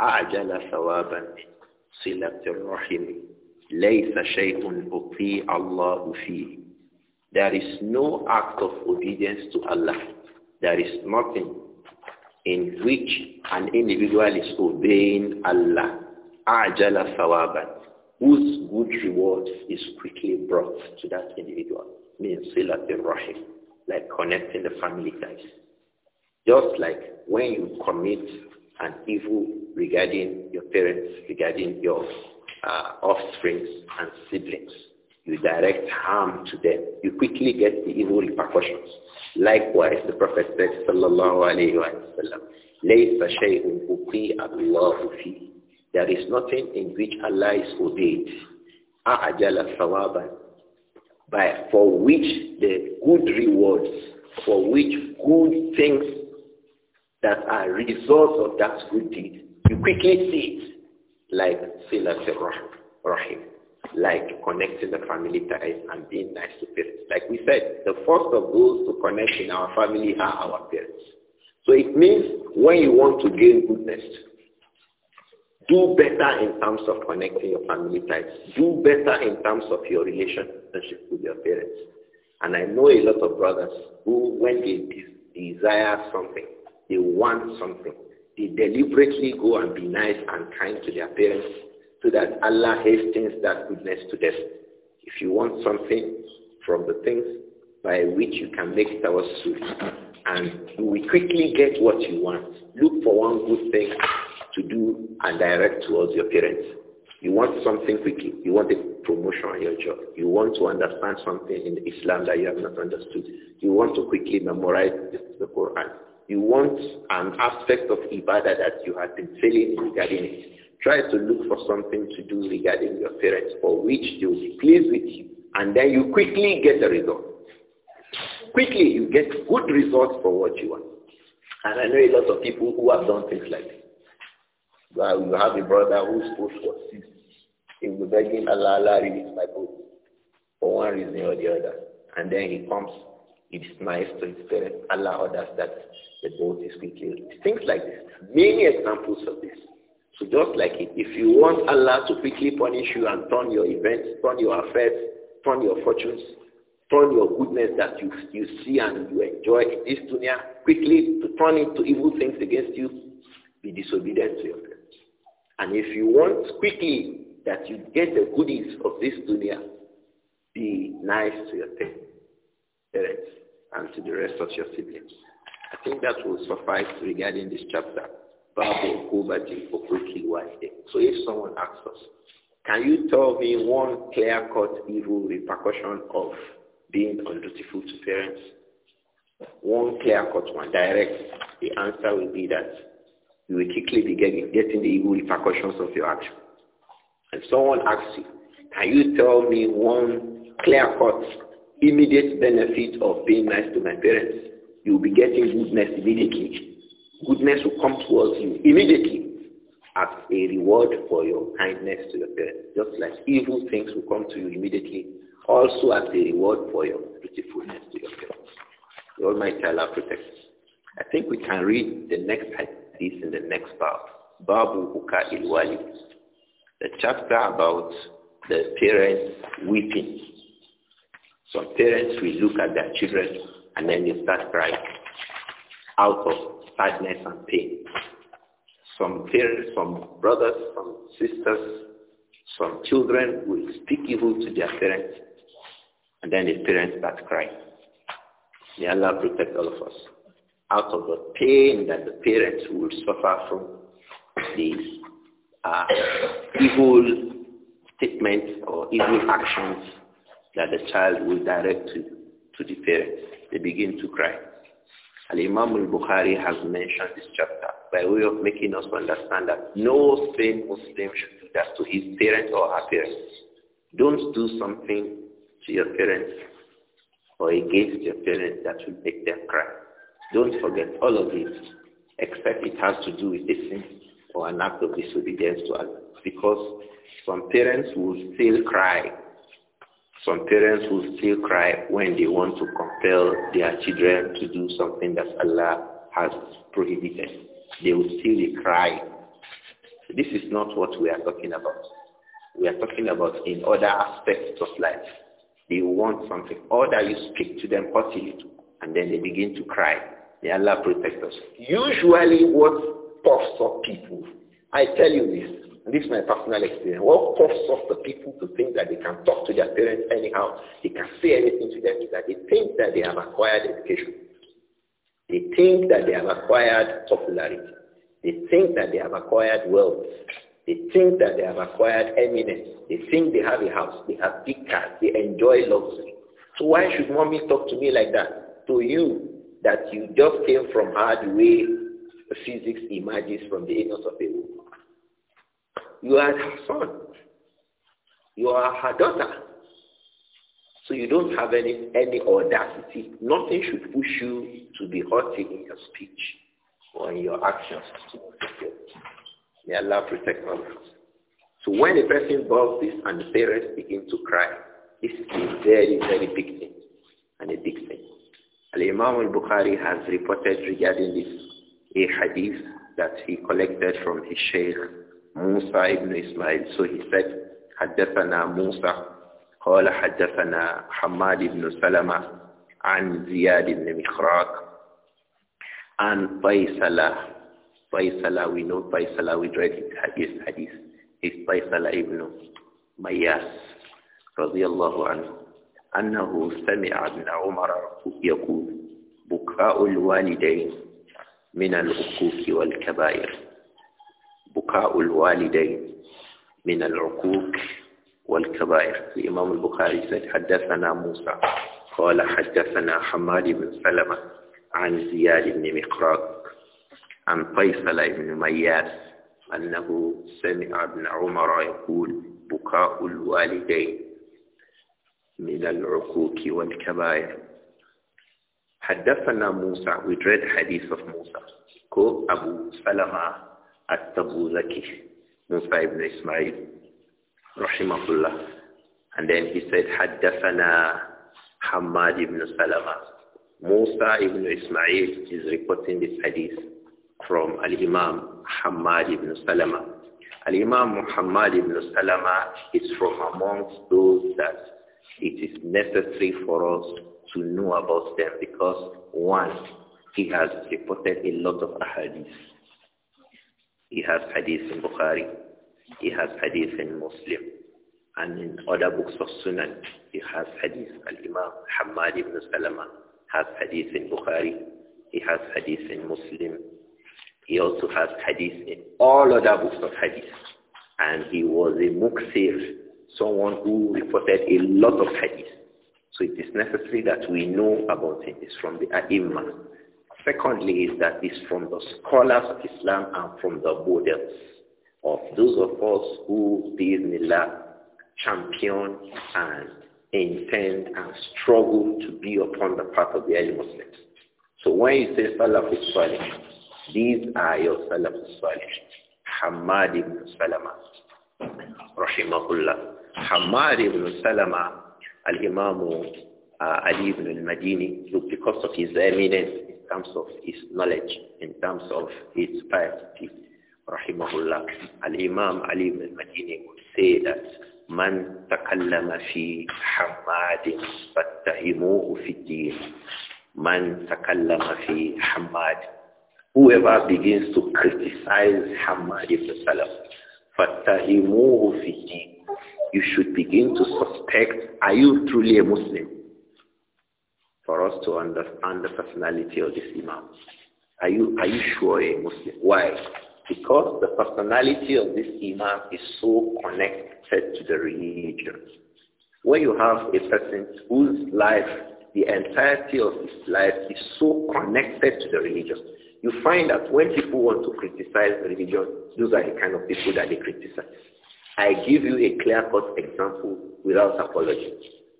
أعجل ثوابا من صلة الرحم ليس شيء أطيع الله فيه There is no act of obedience to Allah. There is nothing in which an individual is obeying Allah. أعجل ثوابا whose good reward is quickly brought to that individual. Means silat rahim, like connecting the family ties. Just like when you commit an evil regarding your parents, regarding your uh, offsprings and siblings, you direct harm to them, you quickly get the evil repercussions. Likewise, the Prophet said, sallallahu alayhi Wasallam, لَيْسَ شَيْءٌ اللَّهُ فِيهِ there is nothing in which Allah is obeyed. A'ajala thawaban. By, for which the good rewards, for which good things that are results of that good deed, you quickly see it, like silatul rahim, like connecting the family ties and being nice to parents. Like we said, the first of those to connect in our family are our parents. So it means when you want to gain goodness, do better in terms of connecting your family ties. Do better in terms of your relationship with your parents. And I know a lot of brothers who, when they desire something, they want something, they deliberately go and be nice and kind to their parents so that Allah hastens that goodness to them. If you want something from the things by which you can make our suit, and you will quickly get what you want, look for one good thing to do and direct towards your parents. You want something quickly. You want a promotion in your job. You want to understand something in Islam that you have not understood. You want to quickly memorize the Quran. You want an aspect of ibadah that you have been failing regarding it. Try to look for something to do regarding your parents for which they will be pleased with you. And then you quickly get a result. Quickly you get good results for what you want. And I know a lot of people who have done things like this. Well, you have a brother who's post for six. He will begging Allah, Allah release my post for one reason or the other. And then he comes, it's nice to his parents, Allah orders that the boat is quickly. Things like this. Many examples of this. So just like it, if you want Allah to quickly punish you and turn your events, turn your affairs, turn your fortunes, turn your goodness that you, you see and you enjoy in this dunya quickly to turn it to evil things against you, be disobedient to your parents. And if you want quickly that you get the goodies of this dunya, be nice to your parents and to the rest of your siblings. I think that will suffice regarding this chapter. So if someone asks us, can you tell me one clear-cut evil repercussion of being undutiful to parents? One clear-cut one, direct. The answer will be that you will quickly be getting, getting the evil repercussions of your action. And someone asks you, can you tell me one clear-cut, immediate benefit of being nice to my parents? You will be getting goodness immediately. Goodness will come towards you immediately as a reward for your kindness to your parents. Just like evil things will come to you immediately, also as a reward for your dutifulness to your parents. The Almighty Allah protects us. I think we can read the next this in the next part. Babu uka Ilwali. The chapter about the parents weeping. Some parents will look at their children and then they start crying out of sadness and pain. Some parents, some brothers, some sisters, some children will speak evil to their parents and then the parents start crying. May Allah protect all of us out of the pain that the parents would suffer from these uh, evil statements or evil actions that the child will direct to, to the parents. They begin to cry. Al-Imam al-Bukhari has mentioned this chapter by way of making us understand that no sane Muslim should do that to his parents or her parents. Don't do something to your parents or against your parents that will make them cry. Don't forget all of this, except it has to do with a sin or an act of disobedience to Allah. Because some parents will still cry. Some parents will still cry when they want to compel their children to do something that Allah has prohibited. They will still cry. This is not what we are talking about. We are talking about in other aspects of life. They want something, or that you speak to them positively, and then they begin to cry. May Allah protect us. Usually what puffs up people, I tell you this, this is my personal experience. What puffs up the people to think that they can talk to their parents anyhow, they can say anything to them, is that they think that they have acquired education. They think that they have acquired popularity. They think that they have acquired wealth. They think that they have acquired eminence. They think they have a house. They have big cars. They enjoy luxury. So why should mommy talk to me like that? To you, that you just came from her the way physics emerges from the anus of a woman. You are her son. You are her daughter. So you don't have any, any audacity. Nothing should push you to be haughty in your speech or in your actions. May Allah protect us. So when a person does this and the parents begin to cry, this is a very, very big thing and a big thing. Al-Imam al-Bukhari has reported regarding this a hadith that he collected from his sheikh Musa ibn Ismail. So he said, حدثنا موسى قال حدثنا حماد بن سلمة عن زياد ibn مخراق عن طيسلة طيسلة we know طيسلة we read his hadith It's is ibn ابن مياس رضي الله عنه أنه سمع ابن عمر يقول بكاء الوالدين من العقوق والكبائر بكاء الوالدين من العقوق والكبائر الإمام البخاري حدثنا موسى قال حدثنا حماد بن سلمة عن زياد بن مقراق عن فيصل بن مياس أنه سمع ابن عمر يقول بكاء الوالدين من العقوق والكبائر حدثنا موسى we read hadith of Musa كو أبو سلمة التبوذكي موسى ibn Ismail رحمه الله and then he said حدثنا حماد بن سلمة Musa ibn Ismail is reporting this hadith from Al-Imam Hamad ibn Salama. Al-Imam Muhammad ibn Salama is from amongst those that it is necessary for us to know about them because one, he has reported a lot of hadith. He has hadith in Bukhari. He has hadith in Muslim. And in other books of Sunan, he has hadith. Al-Imam Hamad ibn Salama has hadith in Bukhari. He has hadith in Muslim. He also has hadith in all other books of hadith. And he was a muksir, someone who reported a lot of hadith. So it is necessary that we know about it. It's from the ai Secondly is that it's from the scholars of Islam and from the models of those of us who, these Bismillah, champion and intend and struggle to be upon the path of the early Muslims. So when you say Salaf Salih, these are your Salaf Salih. Hamad ibn Salama, rahimahullah. Hamad ibn Salama, Al-Imam uh, Ali ibn al-Madini, because of his eminence in terms of his knowledge, in terms of his piety, rahimahullah, Al-Imam Ali ibn al-Madini would say that من تكلم في حماد فاتهموه في الدين من تكلم في حماد whoever begins to criticize Hamad ibn Salam فاتهموه في الدين you should begin to suspect, are you truly a Muslim? For us to understand the personality of this Imam. Are you, are you sure a Muslim? Why? Because the personality of this Imam is so connected to the religion. When you have a person whose life, the entirety of his life is so connected to the religion, you find that when people want to criticize religion, those are the kind of people that they criticize. I give you a clear-cut example without apology.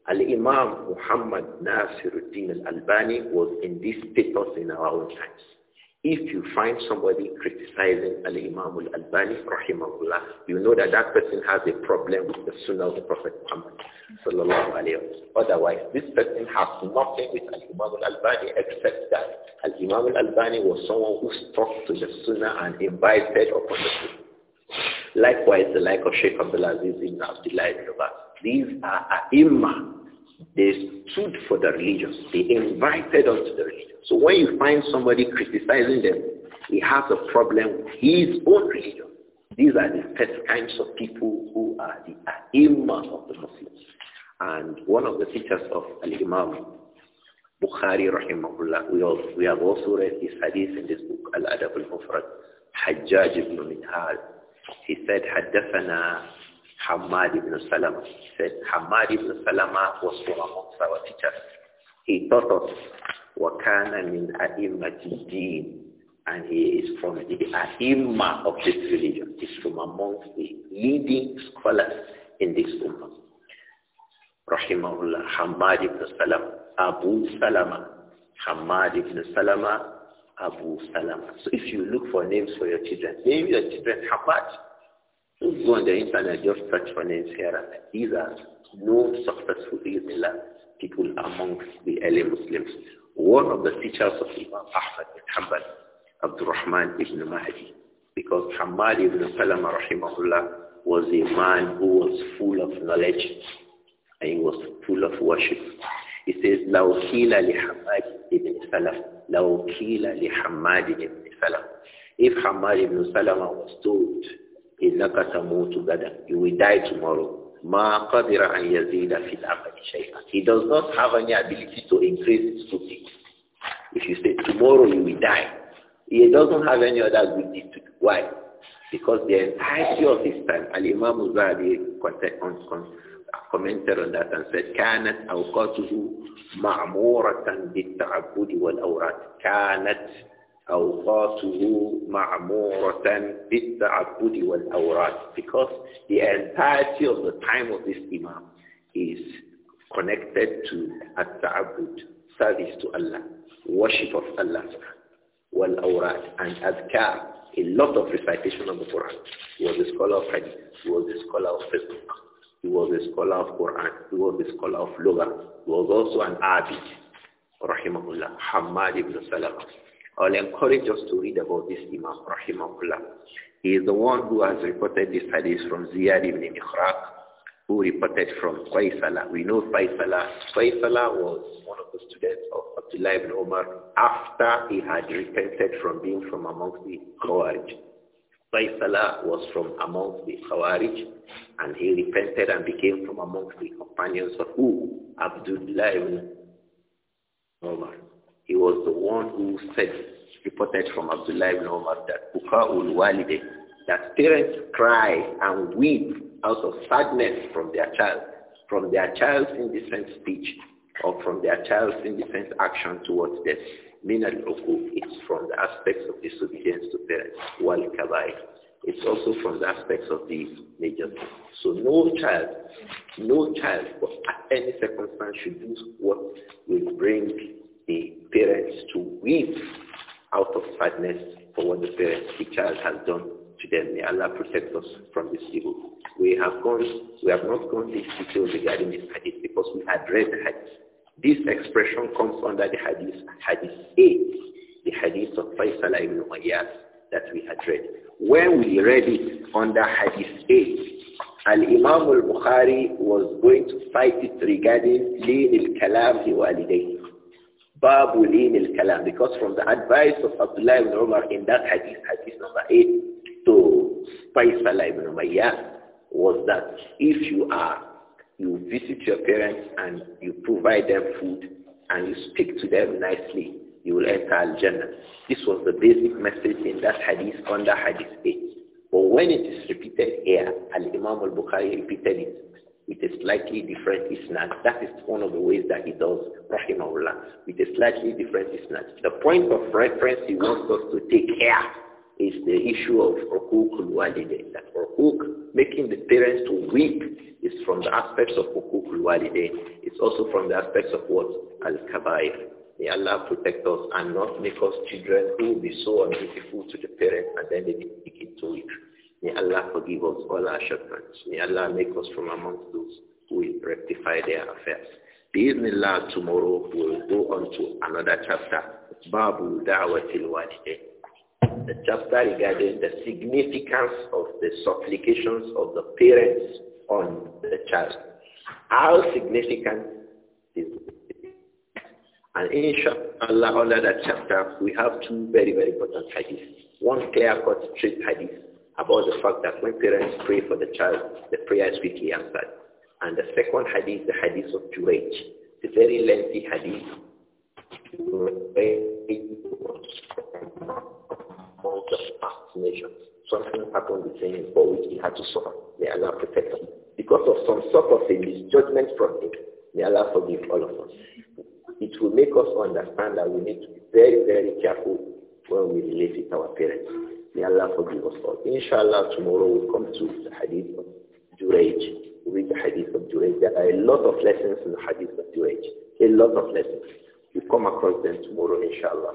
Al-Imam Muhammad Nasiruddin al-Albani was in this status in our own times. If you find somebody criticizing Al-Imam al-Albani, rahimahullah, you know that that person has a problem with the Sunnah of the Prophet Muhammad, sallallahu alayhi wa Otherwise, this person has nothing with Al-Imam al-Albani except that Al-Imam al-Albani was someone who stuck to the Sunnah and invited upon the Sunnah. Likewise, the like of Sheikh Abdulaziz ibn Abdullah ibn Abbas. These are ai They stood for the religion. They invited us to the religion. So when you find somebody criticizing them, he has a problem with his own religion. These are the first kinds of people who are the ai of the Muslims. And one of the teachers of Al-Imam Bukhari rahimahullah, we, also, we have also read his hadith in this book, Al-Adab al-Mufrad, Hajjaj ibn Minhal, he said, Haddathana Hamad ibn Salama. He said, Hamad ibn Salama was from amongst our teachers. He taught us, Wakana min A'immati And he is from the A'imma of this religion. He's from amongst the leading scholars in this ummah. Rahimahullah, Hamad ibn Salama, Abu Salama, Hamad ibn Salama Abu Salama. So if you look for names for your children, name your children Hamad. Don't go on the internet, just search for names here. These are known successful people amongst the early Muslims. One of the teachers of Imam Ahmad bin Hanbal, Abdurrahman ibn Mahdi, because Hamad ibn Salama rahimahullah was a man who was full of knowledge and he was full of worship. He says, لو قيل لحماد ابن سلف لو كيل لحماد بن سلمة If Hamad ibn Salama was told, إِنَّكَ تَمُوتُ غَدًا You will die tomorrow. مَا قَدِرَ أَنْ يَزِيدَ فِي الْعَمَلِ شَيْئًا He does not have any ability to increase his duty. If you say, tomorrow you will die, he doesn't have any other ability to do. Why? Because the entirety of his time, Al-Imam Uzadi commented on that and said, كانت أوقاته معمورة بالتعبد والأوراد. كانت أوقاته معمورة بالتعبد والأوراد. Because the entirety of the time of this Imam is connected to at-ta'abbud, service to Allah, worship of Allah, wal-awrad, and adhkar, a lot of recitation of the Quran. He was a scholar of hadith, he was a scholar of Facebook." He was a scholar of Quran. He was a scholar of Loga. He was also an Abid, rahimahullah, Hamad ibn Salam. I'll encourage us to read about this Imam, rahimahullah. He is the one who has reported this hadith from Ziyad ibn Mikhraq, who reported from Qaisala. We know Qaisala. Qaisala was one of the students of Abdullah ibn Omar after he had repented from being from amongst the Khawarij. Saifala was from amongst the Khawarij and he repented and became from amongst the companions of who? Abdullah ibn Umar. He was the one who said, reported from Abdullah ibn Umar that Buka'ul Walide, that parents cry and weep out of sadness from their child, from their child's indecent speech or from their child's indecent action towards death min al It's from the aspects of disobedience to parents. Wal kabair. It's also from the aspects of the major So no child, no child, at any circumstance should do what will bring the parents to weep out of sadness for what the parents, the child has done to them. May Allah protect us from this evil. We have gone, we have not gone into detail regarding this hadith because we had read the hadith. This expression comes under the hadith, hadith 8, the hadith of Faisal ibn Umayyad that we had read. When we read it under hadith 8, Al-Imam al-Bukhari was going to fight it regarding lean al-kalam li Babu lean al-kalam. Because from the advice of Abdullah ibn Umar in that hadith, hadith number 8, to Faisal ibn Umayyad, was that if you are you visit your parents and you provide them food and you speak to them nicely, you will enter Al-Jannah. This was the basic message in that hadith under Hadith 8. But when it is repeated here, Al-Imam al-Bukhari repeated it with a slightly different isnad. That is one of the ways that he does rahimahullah, with a slightly different isnad. The point of reference he wants us to take here is the issue of rukuk al-walidain, that rukuk, making the parents to weep it's from the aspects of hukukul walidain. It's also from the aspects of what? Al-kabair. May Allah protect us and not make us children who will be so ungrateful to the parents and then they begin to weak. May Allah forgive us all our shortcomings. May Allah make us from amongst those who will rectify their affairs. Bismillah, tomorrow we'll go on to another chapter, Babu Da'watil Walidain. The chapter regarding the significance of the supplications of the parents on the child. How significant is it? And inshallah, under that chapter, we have two very, very important hadiths. One clear-cut, straight hadith about the fact that when parents pray for the child, the prayer is quickly answered. And the second hadith, the hadith of Juraj, the very lengthy hadith. the nations Something happened with him for which he had to suffer. May Allah protect him. Because of some sort of a misjudgment from him, may Allah forgive all of us. It will make us understand that we need to be very, very careful when we relate with our parents. May Allah forgive us all. Inshallah, tomorrow we'll come to the hadith of Juraj read the hadith of Juraj. There are a lot of lessons in the hadith of Juraj. A lot of lessons. You come across them tomorrow, inshallah,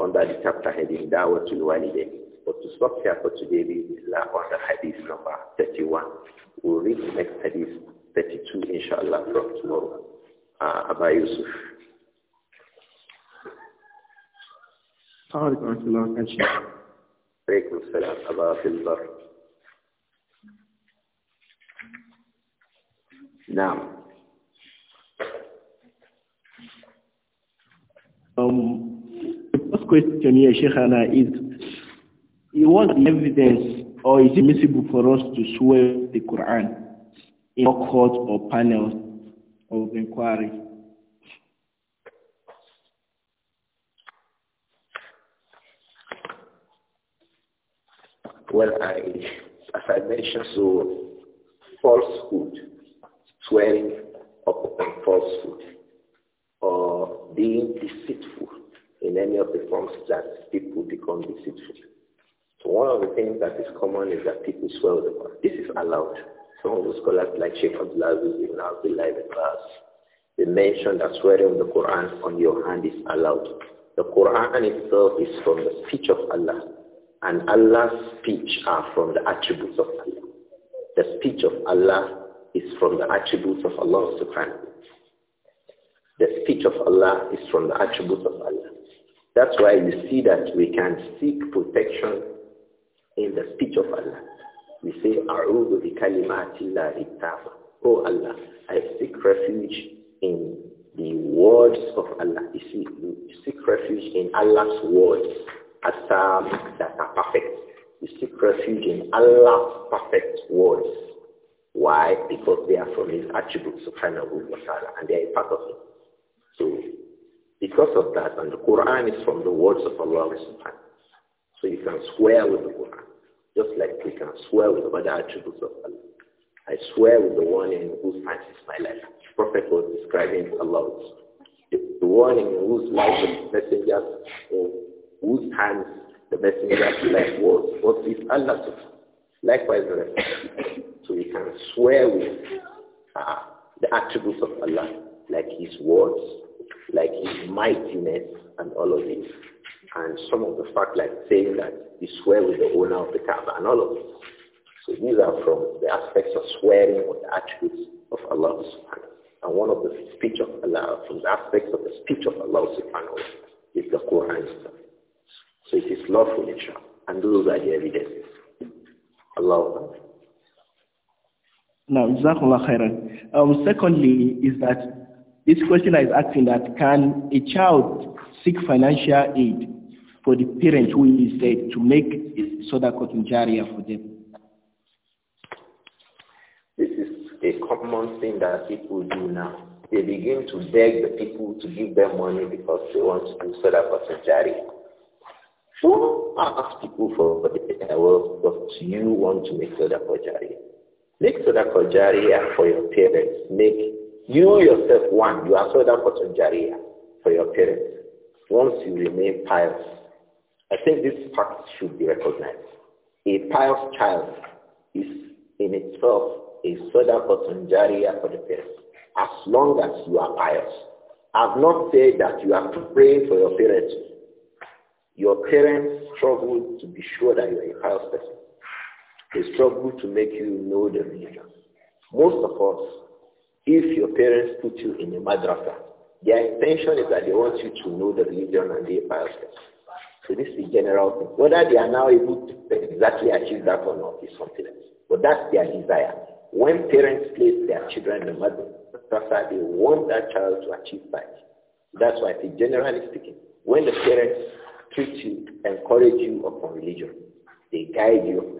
under the chapter heading Dawatul Walidain. But to stop here for today, we Bismillah, on the hadith number 31. We'll read the next hadith, 32, inshallah, from tomorrow. Uh, Abba Yusuf. عليكم السلام أبا في البر نعم Um, the first question here, Sheikhana, is it was evidence or is it possible for us to swear the Quran in a court or panel of inquiry? Well, I, as I mentioned, so falsehood, swearing upon falsehood, or being deceitful in any of the forms that people become deceitful so one of the things that is common is that people swear the Quran. This is allowed. Some of the scholars like Sheikh Abdullah Ibn Abdullah in class. they mentioned that swearing the Quran on your hand is allowed. The Quran itself is from the speech of Allah. And Allah's speech are from the attributes of Allah. The speech of Allah is from the attributes of Allah subhanahu The speech of Allah is from the attributes of Allah. That's why you see that we can seek protection in the speech of Allah. We say, A'udhu bi kalimatillahi ta'ala. Oh Allah, I seek refuge in the words of Allah. You see, you seek refuge in Allah's words as that are perfect. You seek refuge in Allah's perfect words. Why? Because they are from his attributes, subhanahu wa ta'ala, and they are a part of him. So because of that, and the Quran is from the words of Allah subhanahu so you can swear with the Quran, just like we can swear with other attributes of Allah. I swear with the one in whose hands is my life. The Prophet was describing Allah. The one in whose life the messenger, or whose hands the messenger's life was, was Allah. Likewise, the rest. So we can swear with uh, the attributes of Allah, like His words, like His mightiness, and all of these and some of the facts like saying that he swear with the owner of the Kaaba and all of this. So these are from the aspects of swearing or the attributes of Allah subhanahu And one of the speech of Allah, from the aspects of the speech of Allah subhanahu is the Quran So it is lawful inshallah. And those are the evidences. Allah. Now, Jazakallah khairan. Um, secondly, is that this question is asking that can a child seek financial aid for the parent who is uh, to make soda jariyah for them. This is a common thing that people do now. They begin to beg the people to give them money because they want to do soda jariyah. Don't ask people for their wealth, but you want to make soda jariyah. Make soda jariyah for your parents. Make you yourself one. You are soda jariyah for your parents once you remain pious I think this fact should be recognized. A pious child is in itself a sadaqatun jariyah for the parents, as long as you are pious. I've not said that you are praying for your parents. Your parents struggle to be sure that you are a pious person. They struggle to make you know the religion. Most of us, if your parents put you in a madrasa, their intention is that they want you to know the religion and be a pious person. So this is general thing. Whether they are now able to exactly achieve that or not is something else. But that's their desire. When parents place their children in the madrasa, they want that child to achieve that. That's why I say, generally speaking, when the parents treat you, encourage you upon religion, they guide you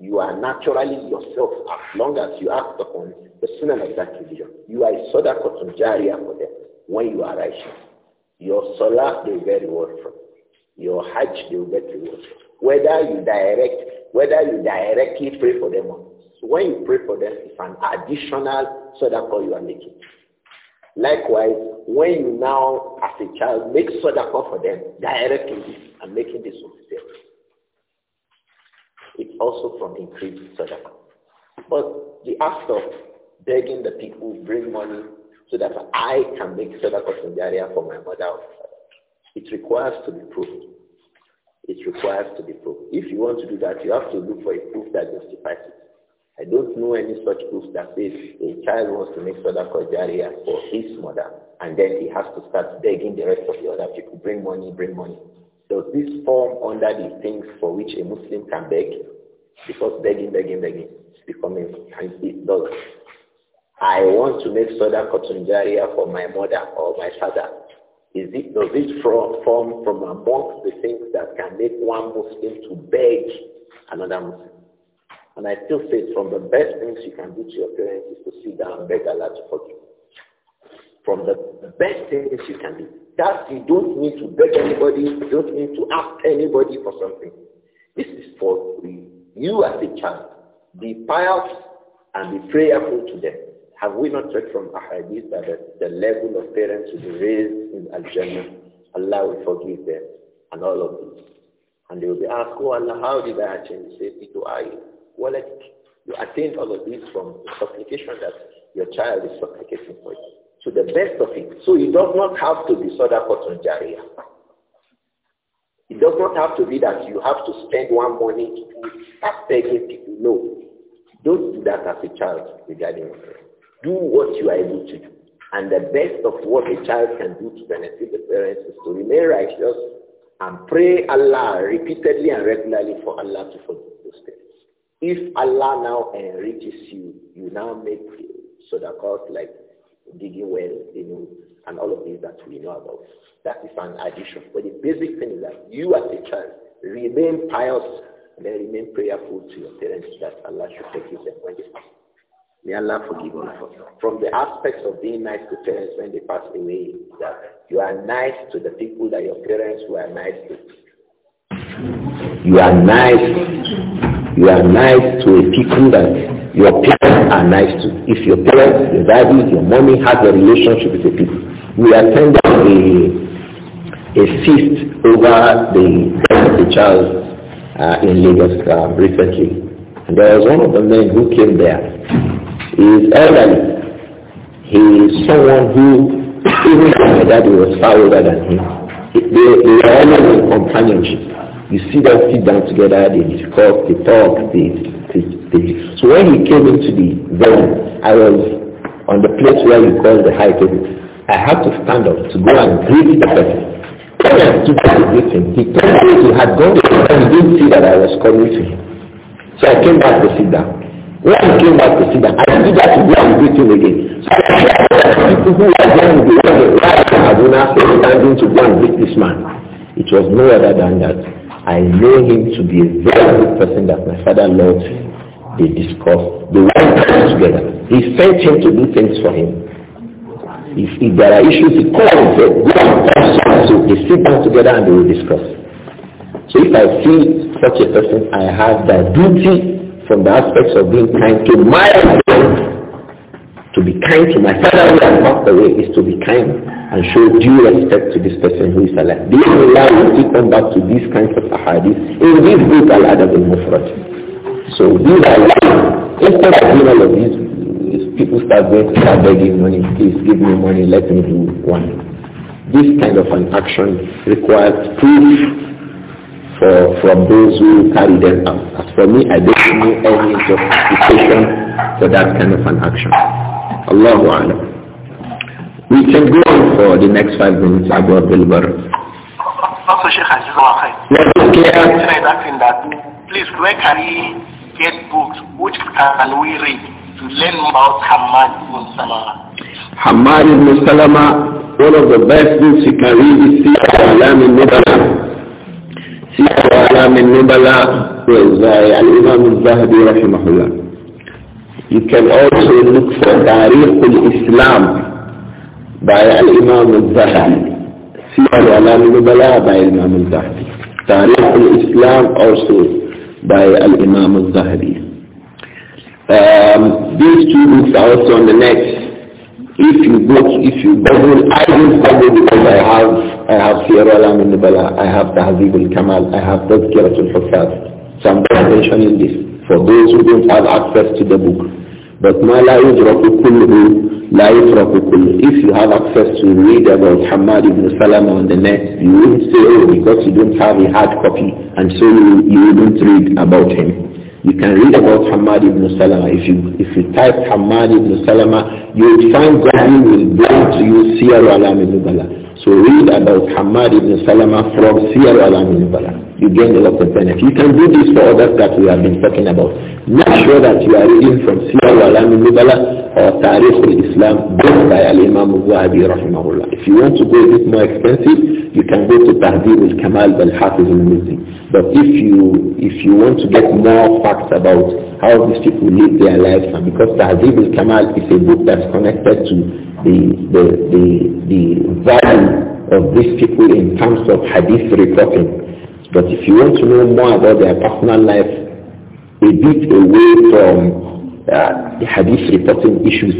you are naturally yourself as long as you act upon the sunnah of that religion. You are a sadaqatun jariyah for them when you are righteous. Your salah, they very reward from. Your Hajj, they will get reward. Whether you direct, whether you directly pray for them. So when you pray for them, it's an additional sadaqah you are making. Likewise, when you now, as a child, make sadaqah for them directly and making this one It's also from increased sadaqah. But the act of begging the people, bring money so that I can make sadaqah from the area for my mother it requires to be proved. It requires to be proved. If you want to do that, you have to look for a proof that justifies it. I don't know any such proof that says a child wants to make Sadaqah Jariyah for his mother and then he has to start begging the rest of the other people, bring money, bring money. Does this form under the things for which a Muslim can beg? Because begging, begging, begging is becoming, and it I want to make Sadaqah Jariyah for my mother or my father is it, does it form from among the things that can make one Muslim to beg another Muslim? And I still say from the best things you can do to your parents is to sit down and beg Allah to forgive. From the best things you can do. That you don't need to beg anybody, you don't need to ask anybody for something. This is for you as a child. Be pious and be prayerful to them. Have we not heard from Ahadith that the, level of parents who be raised in Al-Jannah? Allah will forgive them and all of this. And they will be asked, oh Allah, how did I attain safety to I? Well, you attained all of this from supplication that your child is supplicating for you. To the best of it. So it does not have to be Sadaqah Jariyah. It does not have to be that you have to spend one morning to start begging people. No. Don't do that as a child regarding your parents. Do what you are able to do. And the best of what a child can do to benefit the parents is to remain righteous and pray Allah repeatedly and regularly for Allah to forgive those things. If Allah now enriches you, you now make sadaqahs like digging wells, you know, and all of these that we know about. That is an addition. But the basic thing is that you as a child remain pious and then remain prayerful to your parents that Allah should forgive them when they pass. May Allah forgive us. From the aspects of being nice to parents when they pass away, that you are nice to the people that your parents were nice to. You are nice. You are nice to a people that your parents are nice to. If your parents, your daddy, your mommy has a relationship with the people, we are sending a, a feast over the, the child uh, in Lagos uh, recently. And there was one of the men who came there He is elderly. He is someone who, even my daddy was far older than him. They, they are always in companionship. You see them sit down together, they discuss, they talk, they, they, they. So when he came into the van, I was on the place where you call the high table. I had to stand up to go and greet the person. to greet him, he told me he had gone and he didn't see that I was coming to him. So I came back to sit down. When he came back to see them, I did that to go and greet him again. So I said, people who are going to be on the right and Aduna standing to go and greet this man. It was no other than that. I know him to be a very good person that my father loved. They discussed. They went together. He sent him to do things for him. If, if there are issues, he called and said, go and tell so they sit down together and they will discuss. So if I see such a person, I have the duty from the aspects of being kind to my friend. To be kind to my father who has passed away is to be kind and show due respect to this person who is alive. This will allow you to come back to these kinds of ahadith in this book Al-Adab al-Mufrad. So these are instead of doing all of these, people start going to start begging money, please give me money, let me do one. This kind of an action requires proof for from those who carry them out. As for me, I don't know any justification for that kind of an action. Allahu Alam. We can go on for the next five minutes about Bilbar. Also, Sheikh Yes, okay. Can I asking that? Please, where can we get books? Which can we read to learn about Hamad ibn Salama? Hamad ibn Salama, one of the best books you can read is Siyar al-Alam في أعلام النبلاء يعني Imam al رحمه الله You can also look for Tariq al-Islam by Imam al-Zahabi. في أعلام النبلاء by Imam al-Zahabi. Tariq al-Islam also by Imam al Um, these two books are also on the next If you go, if you bubble, I will not bubble because I have, I have Sierra Alam al Nubala, I have Tahzib al-Kamal, I have Tazkirat al-Hufaz. So I'm mentioning this for those who don't have access to the book. But ما لا يدرك كله لا يدرك كله. If you have access to read about Hamad ibn Salam on the net, you won't say, oh, because you don't have a hard copy, and so you, you wouldn't read about him. You can read about Hamad ibn Salama. If you if you type Hamad ibn Salama, you will find God will bring to you see al-Alam ibn Bala. So read about Hamad ibn Salama from Siyar al-Amin You gain a lot of benefit. You can do this for others that we have been talking about. Make sure that you are reading from Siyar al-Amin or Tariq al-Islam both by al-Imam al-Zahabi rahimahullah. If you want to go a bit more expensive, you can go to Tahdib al-Kamal al-Hafiz al But if you, if you want to get more facts about how these people live their lives, and because Tahdib al-Kamal is a book that's connected to the, the, the, the value of these people in terms of hadith reporting. But if you want to know more about their personal life, a bit away from uh, the hadith reporting issues,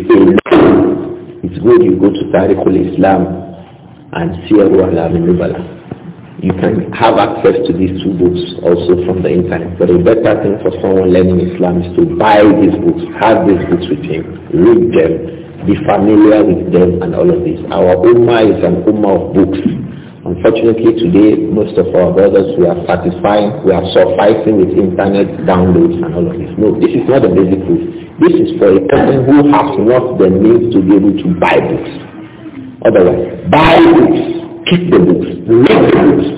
it's good you go to Tariq islam and Siyaru al-Nubala you can have access to these two books also from the internet. But a better thing for someone learning Islam is to buy these books, have these books with him, read them, be familiar with them and all of this. Our ummah is an ummah of books. Unfortunately today, most of our brothers, we are satisfying, we are sufficing with internet downloads and all of this. No, this is not the basic truth. This is for a person who has not the means to be able to buy books. Otherwise, buy books, keep the books, read the books,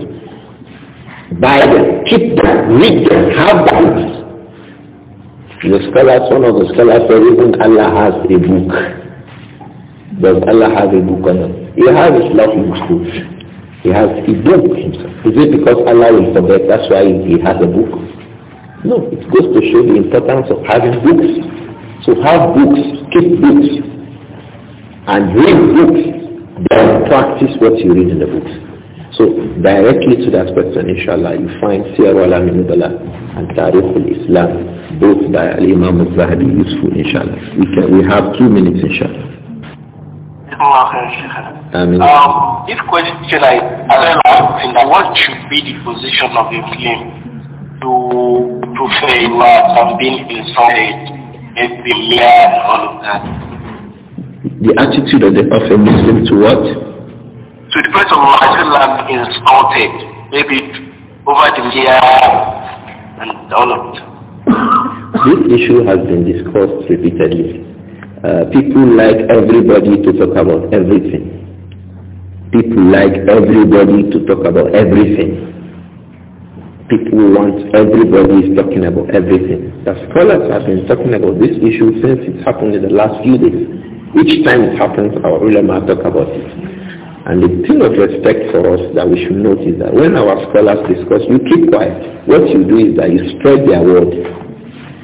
buy them, keep them, read them, have the books. The scholars, one of the scholars said even Allah has a book. Does Allah have a book on? not? He has his love books. He has a book himself. Is it because Allah will forget, that's why he has a book? No, it goes to show the importance of having books. So have books, keep books, and read books, then practice what you read in the books. So directly to that question, inshallah, you find Siyar al and Tariq al-Islam, both by Imam al-Zahabi, useful, inshallah. We, can, we have two minutes, inshallah. Amen. Um, this question I, asked in that what should be the position of a claim to prove and being insulted, ethimia and all of that? The attitude of, the, of a Muslim to what? To the person who has been insulted, maybe over the year and all of that. This issue has been discussed repeatedly. Uh, people like everybody to talk about everything. People like everybody to talk about everything. People want everybody is talking about everything. The scholars have been talking about this issue since it happened in the last few days. Each time it happens, our ulama talk about it. And the thing of respect for us that we should note is that when our scholars discuss, you keep quiet. What you do is that you spread their word.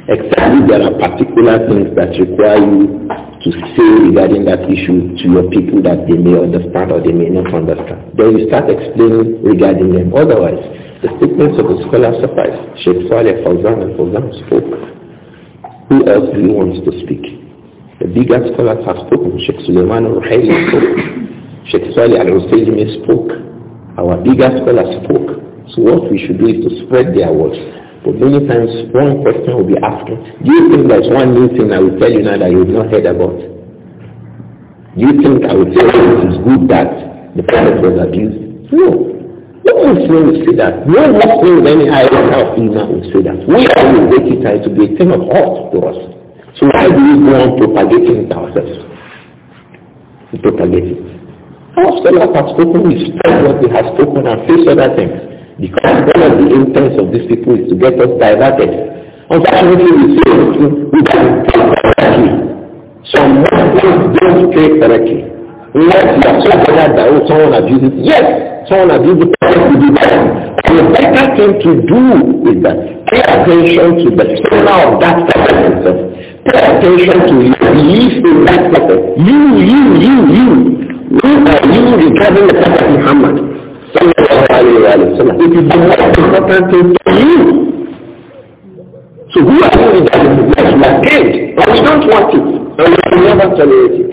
Except there are particular things that require you to say regarding that issue to your people that they may understand or they may not understand. Then you start explaining regarding them. Otherwise, the statements of the scholar suffice. Sheikh Saleh Fawzan and Fawzan spoke. Who else do you want to speak? The bigger scholars have spoken. Sheikh Suleiman al spoke. Sheikh Saleh al-Husaymi spoke. Our bigger scholars spoke. So what we should do is to spread their words. But many times one question will be asking, do you think there's one new thing I will tell you now that you've not heard about? Do you think I will tell you it is good that the planet was abused? No. No one will say that. No one Muslim with any higher of Iman will say that. We are make it to be a thing of heart to us. So why do we go on propagating it ourselves? to propagate it. Our scholars have spoken, we stand what they have spoken and face other things. Because one of the intents of these people is to get us diverted. Unfortunately, we see we don't correctly. Some Muslims don't pray correctly. Unless you are so bothered that oh, someone abuses, yes, someone abuses the person to the better thing to do is that pay attention to the solar of that person himself. Pay attention to your belief in that person. You, you, you, you. Who are you regarding the Prophet Muhammad? If alayhi wa not It is the important thing to you. So who are you that is the best we are paid, but we don't want it, and we will never tolerate it.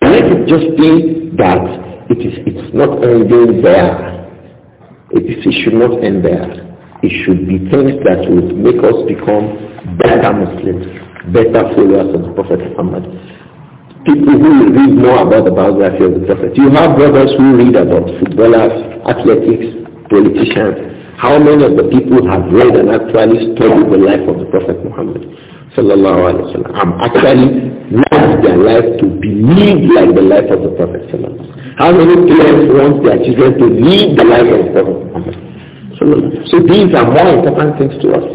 And let it just be that it is it's not ending there. It, is, it should not end there. It should be things that would make us become better Muslims, better followers of the Prophet Muhammad people who read more about the biography of the Prophet. You have brothers who read about footballers, athletics, politicians. How many of the people have read and actually studied the life of the Prophet Muhammad? Sallallahu Alaihi Wasallam. I'm actually led their life to believe like the life of the Prophet How many parents want their children to lead the life of the Prophet Muhammad? So these are more important things to us.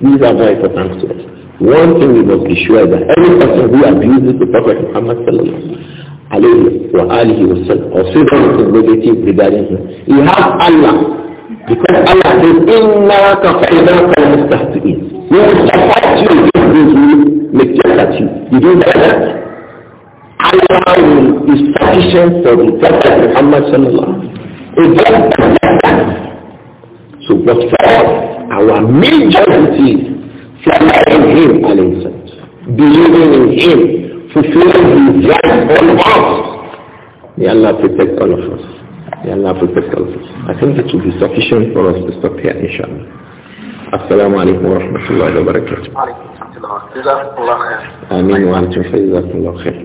These are very important to us. One thing we must be sure that every person who abuses the Prophet Muhammad alayhi wa alihi wa sallam or says something regarding him, he has Allah. Because Allah says, Inna kafa'inaka al-mustahti'in. We will support you against those who make jest at you. You do that. Allah is sufficient for the Prophet Muhammad sallallahu alayhi wa sallam. So but for our major duty in him, believing in him, fulfilling his right on us. May Allah protect all of us. May Allah protect all of us. I think it will be sufficient for us to stop here, inshallah. السلام عليكم ورحمة الله وبركاته. آمين وأنتم في جزاكم الله خير.